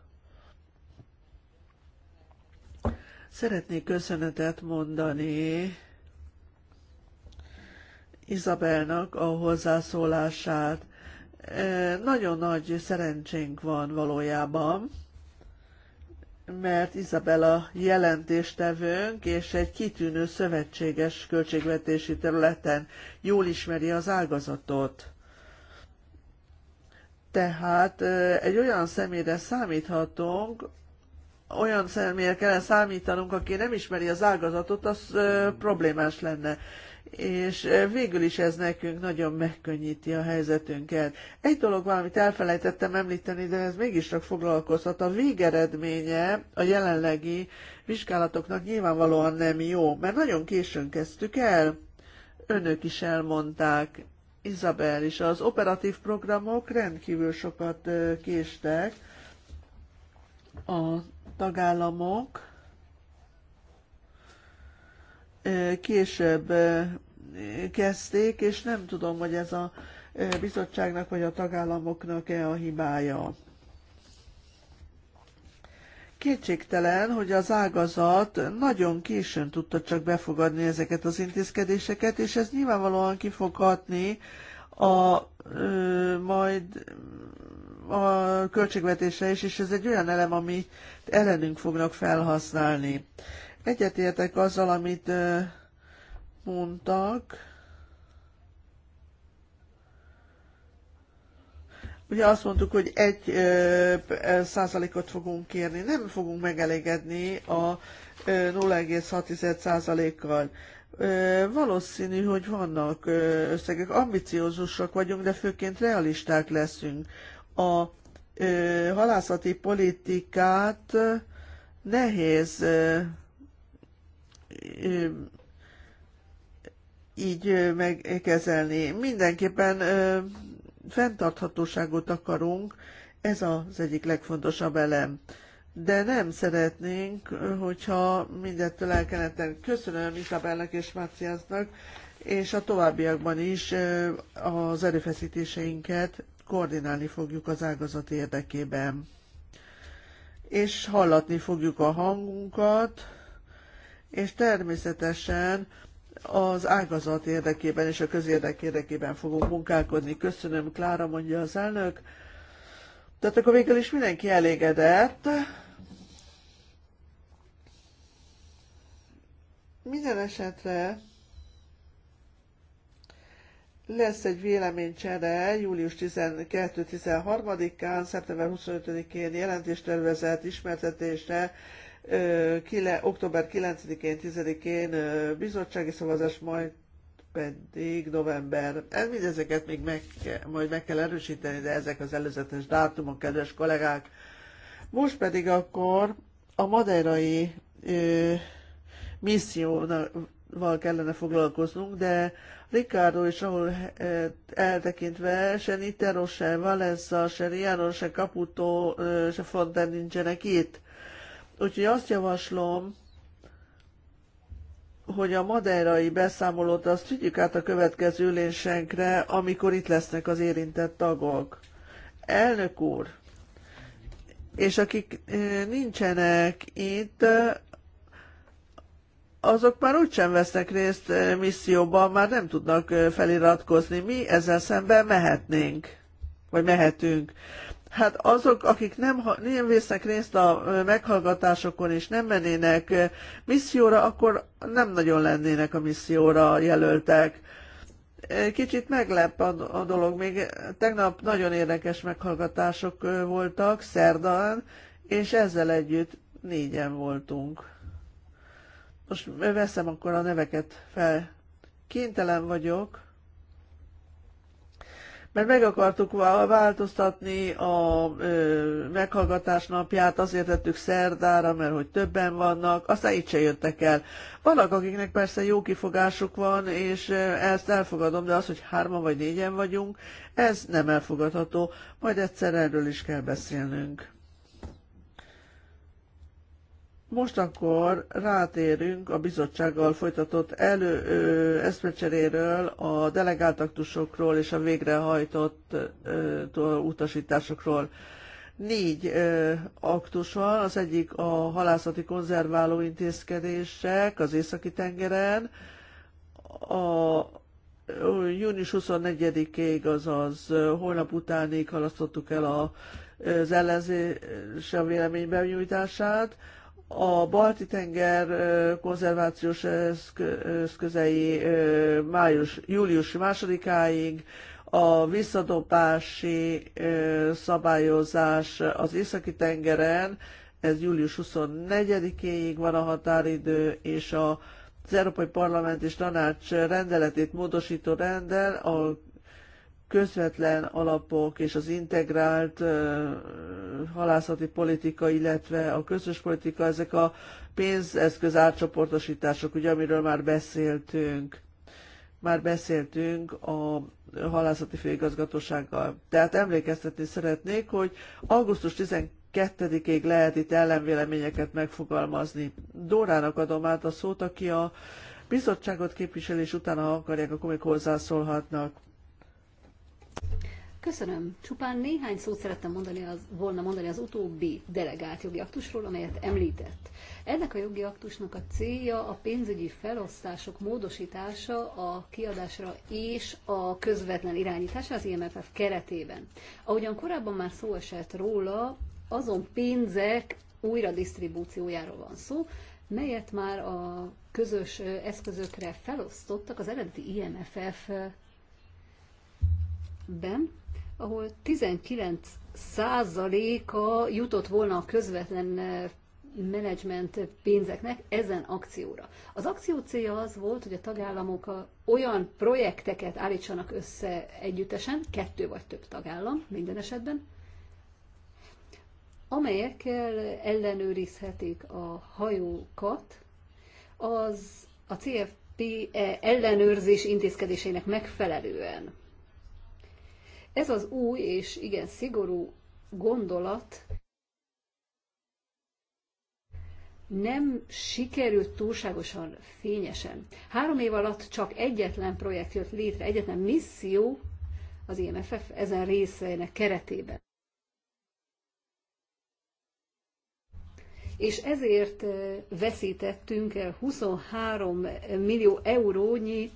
[SPEAKER 1] Szeretnék köszönetet mondani Izabelnak a hozzászólását. Nagyon nagy szerencsénk van valójában, mert Izabela jelentéstevőnk és egy kitűnő szövetséges költségvetési területen jól ismeri az ágazatot. Tehát egy olyan személyre számíthatunk, olyan személyre kellene számítanunk, aki nem ismeri az ágazatot, az problémás lenne és eh, végül is ez nekünk nagyon megkönnyíti a helyzetünket. Egy dolog valamit elfelejtettem említeni, de ez mégis csak foglalkozhat. A végeredménye a jelenlegi vizsgálatoknak nyilvánvalóan nem jó, mert nagyon későn kezdtük el. Önök is elmondták, Izabel is. Az operatív programok rendkívül sokat eh, késtek. A tagállamok később kezdték, és nem tudom, hogy ez a bizottságnak vagy a tagállamoknak-e a hibája. Kétségtelen, hogy az ágazat nagyon későn tudta csak befogadni ezeket az intézkedéseket, és ez nyilvánvalóan ki fog hatni a ö, majd a költségvetésre is, és ez egy olyan elem, amit ellenünk fognak felhasználni. Egyetértek azzal, amit mondtak. Ugye azt mondtuk, hogy egy százalékot fogunk kérni. Nem fogunk megelégedni a 0,6 százalékkal. Valószínű, hogy vannak összegek. Ambiciózusak vagyunk, de főként realisták leszünk. A halászati politikát nehéz így megkezelni. Mindenképpen fenntarthatóságot akarunk, ez az egyik legfontosabb elem. De nem szeretnénk, hogyha mindettől el kellene tenni. Köszönöm Isabelnek és Márciásznak, és a továbbiakban is az erőfeszítéseinket koordinálni fogjuk az ágazat érdekében. És hallatni fogjuk a hangunkat, és természetesen az ágazat érdekében és a közérdek érdekében fogunk munkálkodni. Köszönöm, Klára, mondja az elnök. Tehát akkor végül is mindenki elégedett. Minden esetre lesz egy véleménycsere július 12-13-án, szeptember 25-én jelentéstervezet ismertetésre október 9-én, 10-én bizottsági szavazás, majd pedig november. Ez mindezeket még meg, majd meg kell erősíteni, de ezek az előzetes dátumok, kedves kollégák. Most pedig akkor a madeirai misszióval kellene foglalkoznunk, de Ricardo és ahol eh, eltekintve se Nitero, se Valenza, se Riano, se Caputo, eh, se Fonten nincsenek itt. Úgyhogy azt javaslom, hogy a madeirai beszámolót azt vigyük át a következő ülésenkre, amikor itt lesznek az érintett tagok. Elnök úr, és akik eh, nincsenek itt, eh, azok már úgysem vesznek részt eh, misszióban, már nem tudnak feliratkozni. Mi ezzel szemben mehetnénk, vagy mehetünk hát azok, akik nem, nem vesznek részt a meghallgatásokon és nem mennének misszióra, akkor nem nagyon lennének a misszióra jelöltek. Kicsit meglep a, a dolog. Még tegnap nagyon érdekes meghallgatások voltak szerdán, és ezzel együtt négyen voltunk. Most veszem akkor a neveket fel. Kénytelen vagyok mert meg akartuk változtatni a ö, meghallgatás napját, azért tettük szerdára, mert hogy többen vannak, aztán itt se jöttek el. Vannak, akiknek persze jó kifogásuk van, és ezt elfogadom, de az, hogy hárman vagy négyen vagyunk, ez nem elfogadható. Majd egyszer erről is kell beszélnünk. Most akkor rátérünk a bizottsággal folytatott elő, ö, eszmecseréről, a delegáltaktusokról és a végrehajtott ö, utasításokról. Négy ö, aktus van, az egyik a halászati konzerváló intézkedések az északi tengeren, a június 24-ig, azaz holnap utánig halasztottuk el a, az ellenzés a véleménybenyújtását, a Balti tenger konzervációs eszközei május, július másodikáig, a visszadobási szabályozás az északi tengeren, ez július 24-éig van a határidő, és a az Európai Parlament és Tanács rendeletét módosító rendel a közvetlen alapok és az integrált halászati politika, illetve a közös politika, ezek a pénzeszköz átcsoportosítások, ugye, amiről már beszéltünk. Már beszéltünk a halászati főigazgatósággal. Tehát emlékeztetni szeretnék, hogy augusztus 12-ig lehet itt ellenvéleményeket megfogalmazni. Dórának adom át a szót, aki a bizottságot képviselés után ha akarják, akkor még hozzászólhatnak.
[SPEAKER 3] Köszönöm. Csupán néhány szót szerettem mondani az, volna mondani az utóbbi delegált jogi aktusról, amelyet említett. Ennek a jogi aktusnak a célja a pénzügyi felosztások módosítása a kiadásra és a közvetlen irányítása az IMFF keretében. Ahogyan korábban már szó esett róla, azon pénzek újra disztribúciójáról van szó, melyet már a közös eszközökre felosztottak az eredeti IMFF ben ahol 19 százaléka jutott volna a közvetlen eh, menedzsment pénzeknek ezen akcióra. Az akció célja az volt, hogy a tagállamok olyan projekteket állítsanak össze együttesen, kettő vagy több tagállam minden esetben, amelyekkel ellenőrizhetik a hajókat az a CFP e ellenőrzés intézkedésének megfelelően. Ez az új és igen szigorú gondolat nem sikerült túlságosan fényesen. Három év alatt csak egyetlen projekt jött létre, egyetlen misszió az IMFF ezen részeinek keretében. És ezért eh, veszítettünk el 23 millió eurónyi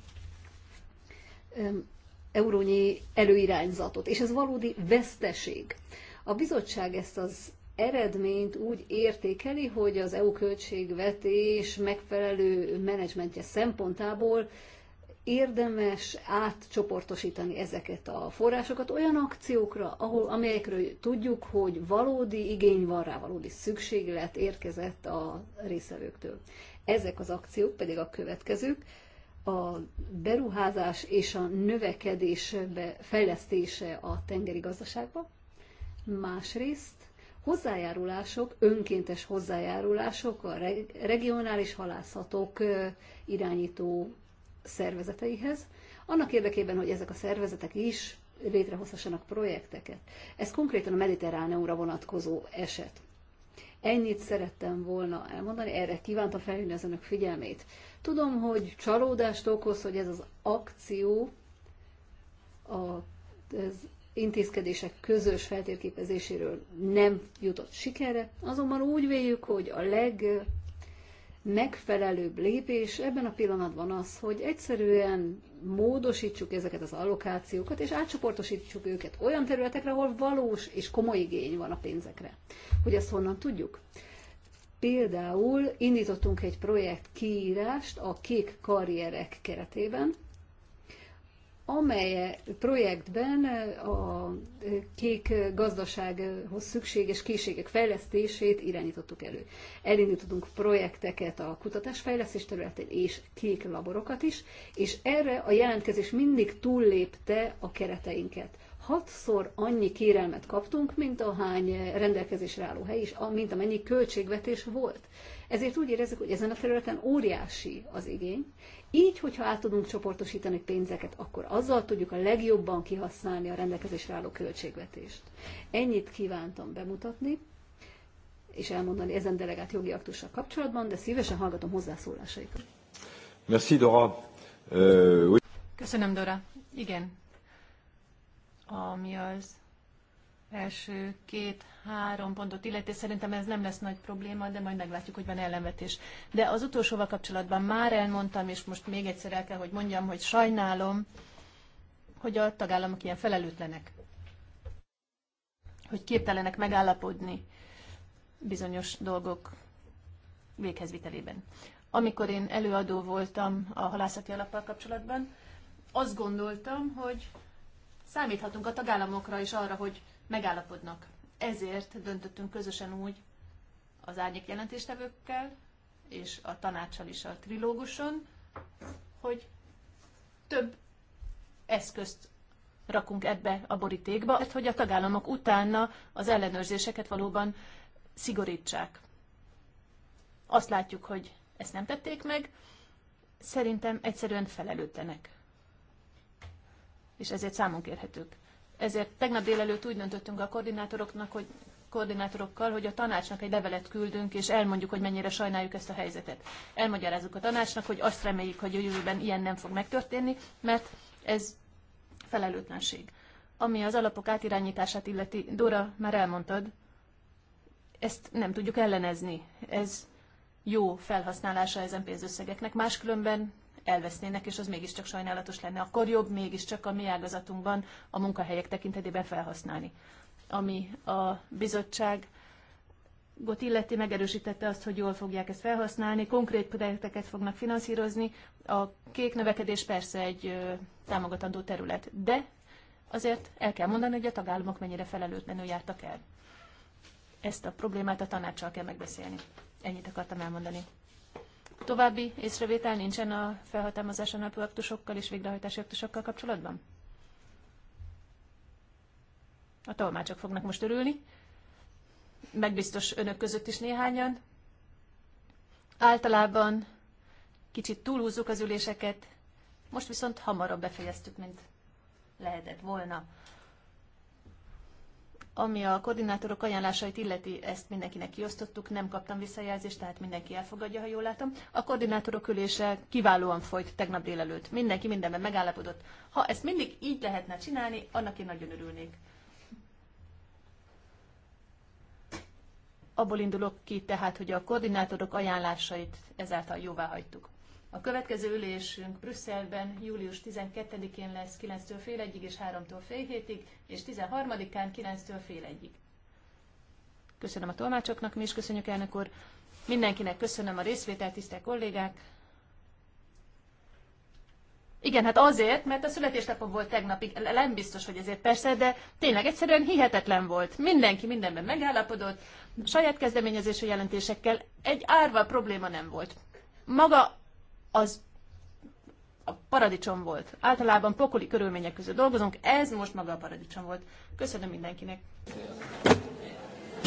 [SPEAKER 3] eurónyi előirányzatot, és ez valódi veszteség. A bizottság ezt az eredményt úgy értékeli, hogy az EU költségvetés megfelelő menedzsmentje szempontából érdemes átcsoportosítani ezeket a forrásokat olyan akciókra, ahol, amelyekről tudjuk, hogy valódi igény van rá, valódi szükséglet érkezett a részvevőktől. Ezek az akciók pedig a következők a beruházás és a növekedés fejlesztése a tengeri gazdaságba, másrészt hozzájárulások, önkéntes hozzájárulások a regionális halászatok irányító szervezeteihez, annak érdekében, hogy ezek a szervezetek is létrehozhassanak projekteket. Ez konkrétan a mediterráneumra vonatkozó eset. Ennyit szerettem volna elmondani, erre kívántam felhívni az önök figyelmét. Tudom, hogy csalódást okoz, hogy ez az akció az intézkedések közös feltérképezéséről nem jutott sikerre, azonban úgy véljük, hogy a legmegfelelőbb lépés ebben a pillanatban az, hogy egyszerűen módosítsuk ezeket az allokációkat, és átcsoportosítsuk őket olyan területekre, ahol valós és komoly igény van a pénzekre. Hogy ezt honnan tudjuk? Például indítottunk egy projekt kiírást a kék karrierek keretében, amely projektben a kék gazdasághoz szükséges készségek fejlesztését irányítottuk elő. Elindítottunk projekteket a kutatásfejlesztés területén és kék laborokat is, és erre a jelentkezés mindig túllépte a kereteinket hatszor annyi kérelmet kaptunk, mint hány rendelkezésre álló hely is, mint amennyi költségvetés volt. Ezért úgy érezzük, hogy ezen a területen óriási az igény. Így, hogyha át tudunk csoportosítani pénzeket, akkor azzal tudjuk a legjobban kihasználni a rendelkezésre álló költségvetést. Ennyit kívántam bemutatni, és elmondani ezen delegált jogi aktussal kapcsolatban, de szívesen hallgatom hozzászólásaikat. Merci, Dora. Euh, Köszönöm, Dora. Igen, ami az
[SPEAKER 2] első két-három pontot illeti. Szerintem ez nem lesz nagy probléma, de majd meglátjuk, hogy van ellenvetés. De az utolsóval kapcsolatban már elmondtam, és most még egyszer el kell, hogy mondjam, hogy sajnálom, hogy a tagállamok ilyen felelőtlenek, hogy képtelenek megállapodni bizonyos dolgok véghezvitelében. Amikor én előadó voltam a halászati alappal kapcsolatban, azt gondoltam, hogy számíthatunk a tagállamokra is arra, hogy megállapodnak. Ezért döntöttünk közösen úgy az árnyék jelentéstevőkkel és a tanácssal is a trilóguson, hogy több eszközt rakunk ebbe a borítékba, mert hogy a tagállamok utána az ellenőrzéseket valóban szigorítsák. Azt látjuk, hogy ezt nem tették meg, szerintem egyszerűen felelőtlenek és ezért számon kérhetők. Ezért tegnap délelőtt úgy döntöttünk a koordinátoroknak, hogy koordinátorokkal, hogy a tanácsnak egy levelet küldünk, és elmondjuk, hogy mennyire sajnáljuk ezt a helyzetet. Elmagyarázzuk a tanácsnak, hogy azt reméljük, hogy a jövőben ilyen nem fog megtörténni, mert ez felelőtlenség. Ami az alapok átirányítását illeti, Dora, már elmondtad, ezt nem tudjuk ellenezni. Ez jó felhasználása ezen pénzösszegeknek, máskülönben elvesznének, és az mégiscsak sajnálatos lenne. Akkor jobb mégiscsak a mi ágazatunkban a munkahelyek tekintetében felhasználni. Ami a bizottság Gott illeti megerősítette azt, hogy jól fogják ezt felhasználni, konkrét projekteket fognak finanszírozni. A kék növekedés persze egy ö, támogatandó terület, de azért el kell mondani, hogy a tagállamok mennyire felelőtlenül jártak el. Ezt a problémát a tanácssal kell megbeszélni. Ennyit akartam elmondani. További észrevétel nincsen a felhatalmazáson alapú aktusokkal és végrehajtási aktusokkal kapcsolatban? A tolmácsok fognak most örülni. Megbiztos önök között is néhányan. Általában kicsit túlhúzzuk az üléseket, most viszont hamarabb befejeztük, mint lehetett volna. Ami a koordinátorok ajánlásait illeti, ezt mindenkinek kiosztottuk, nem kaptam visszajelzést, tehát mindenki elfogadja, ha jól látom. A koordinátorok ülése kiválóan folyt tegnap délelőtt. Mindenki mindenben megállapodott. Ha ezt mindig így lehetne csinálni, annak én nagyon örülnék. Abból indulok ki tehát, hogy a koordinátorok ajánlásait ezáltal jóvá hagytuk. A következő ülésünk Brüsszelben július 12-én lesz 9-től fél egyig és 3-tól fél hétig, és 13-án 9-től fél egyig. Köszönöm a tolmácsoknak, mi is köszönjük elnök úr. Mindenkinek köszönöm a részvételt, tisztelt kollégák. Igen, hát azért, mert a születésnapom volt tegnapig, nem biztos, hogy ezért persze, de tényleg egyszerűen hihetetlen volt. Mindenki mindenben megállapodott, saját kezdeményezésű jelentésekkel egy árva probléma nem volt. Maga az a paradicsom volt. Általában pokoli körülmények között dolgozunk, ez most maga a paradicsom volt. Köszönöm mindenkinek!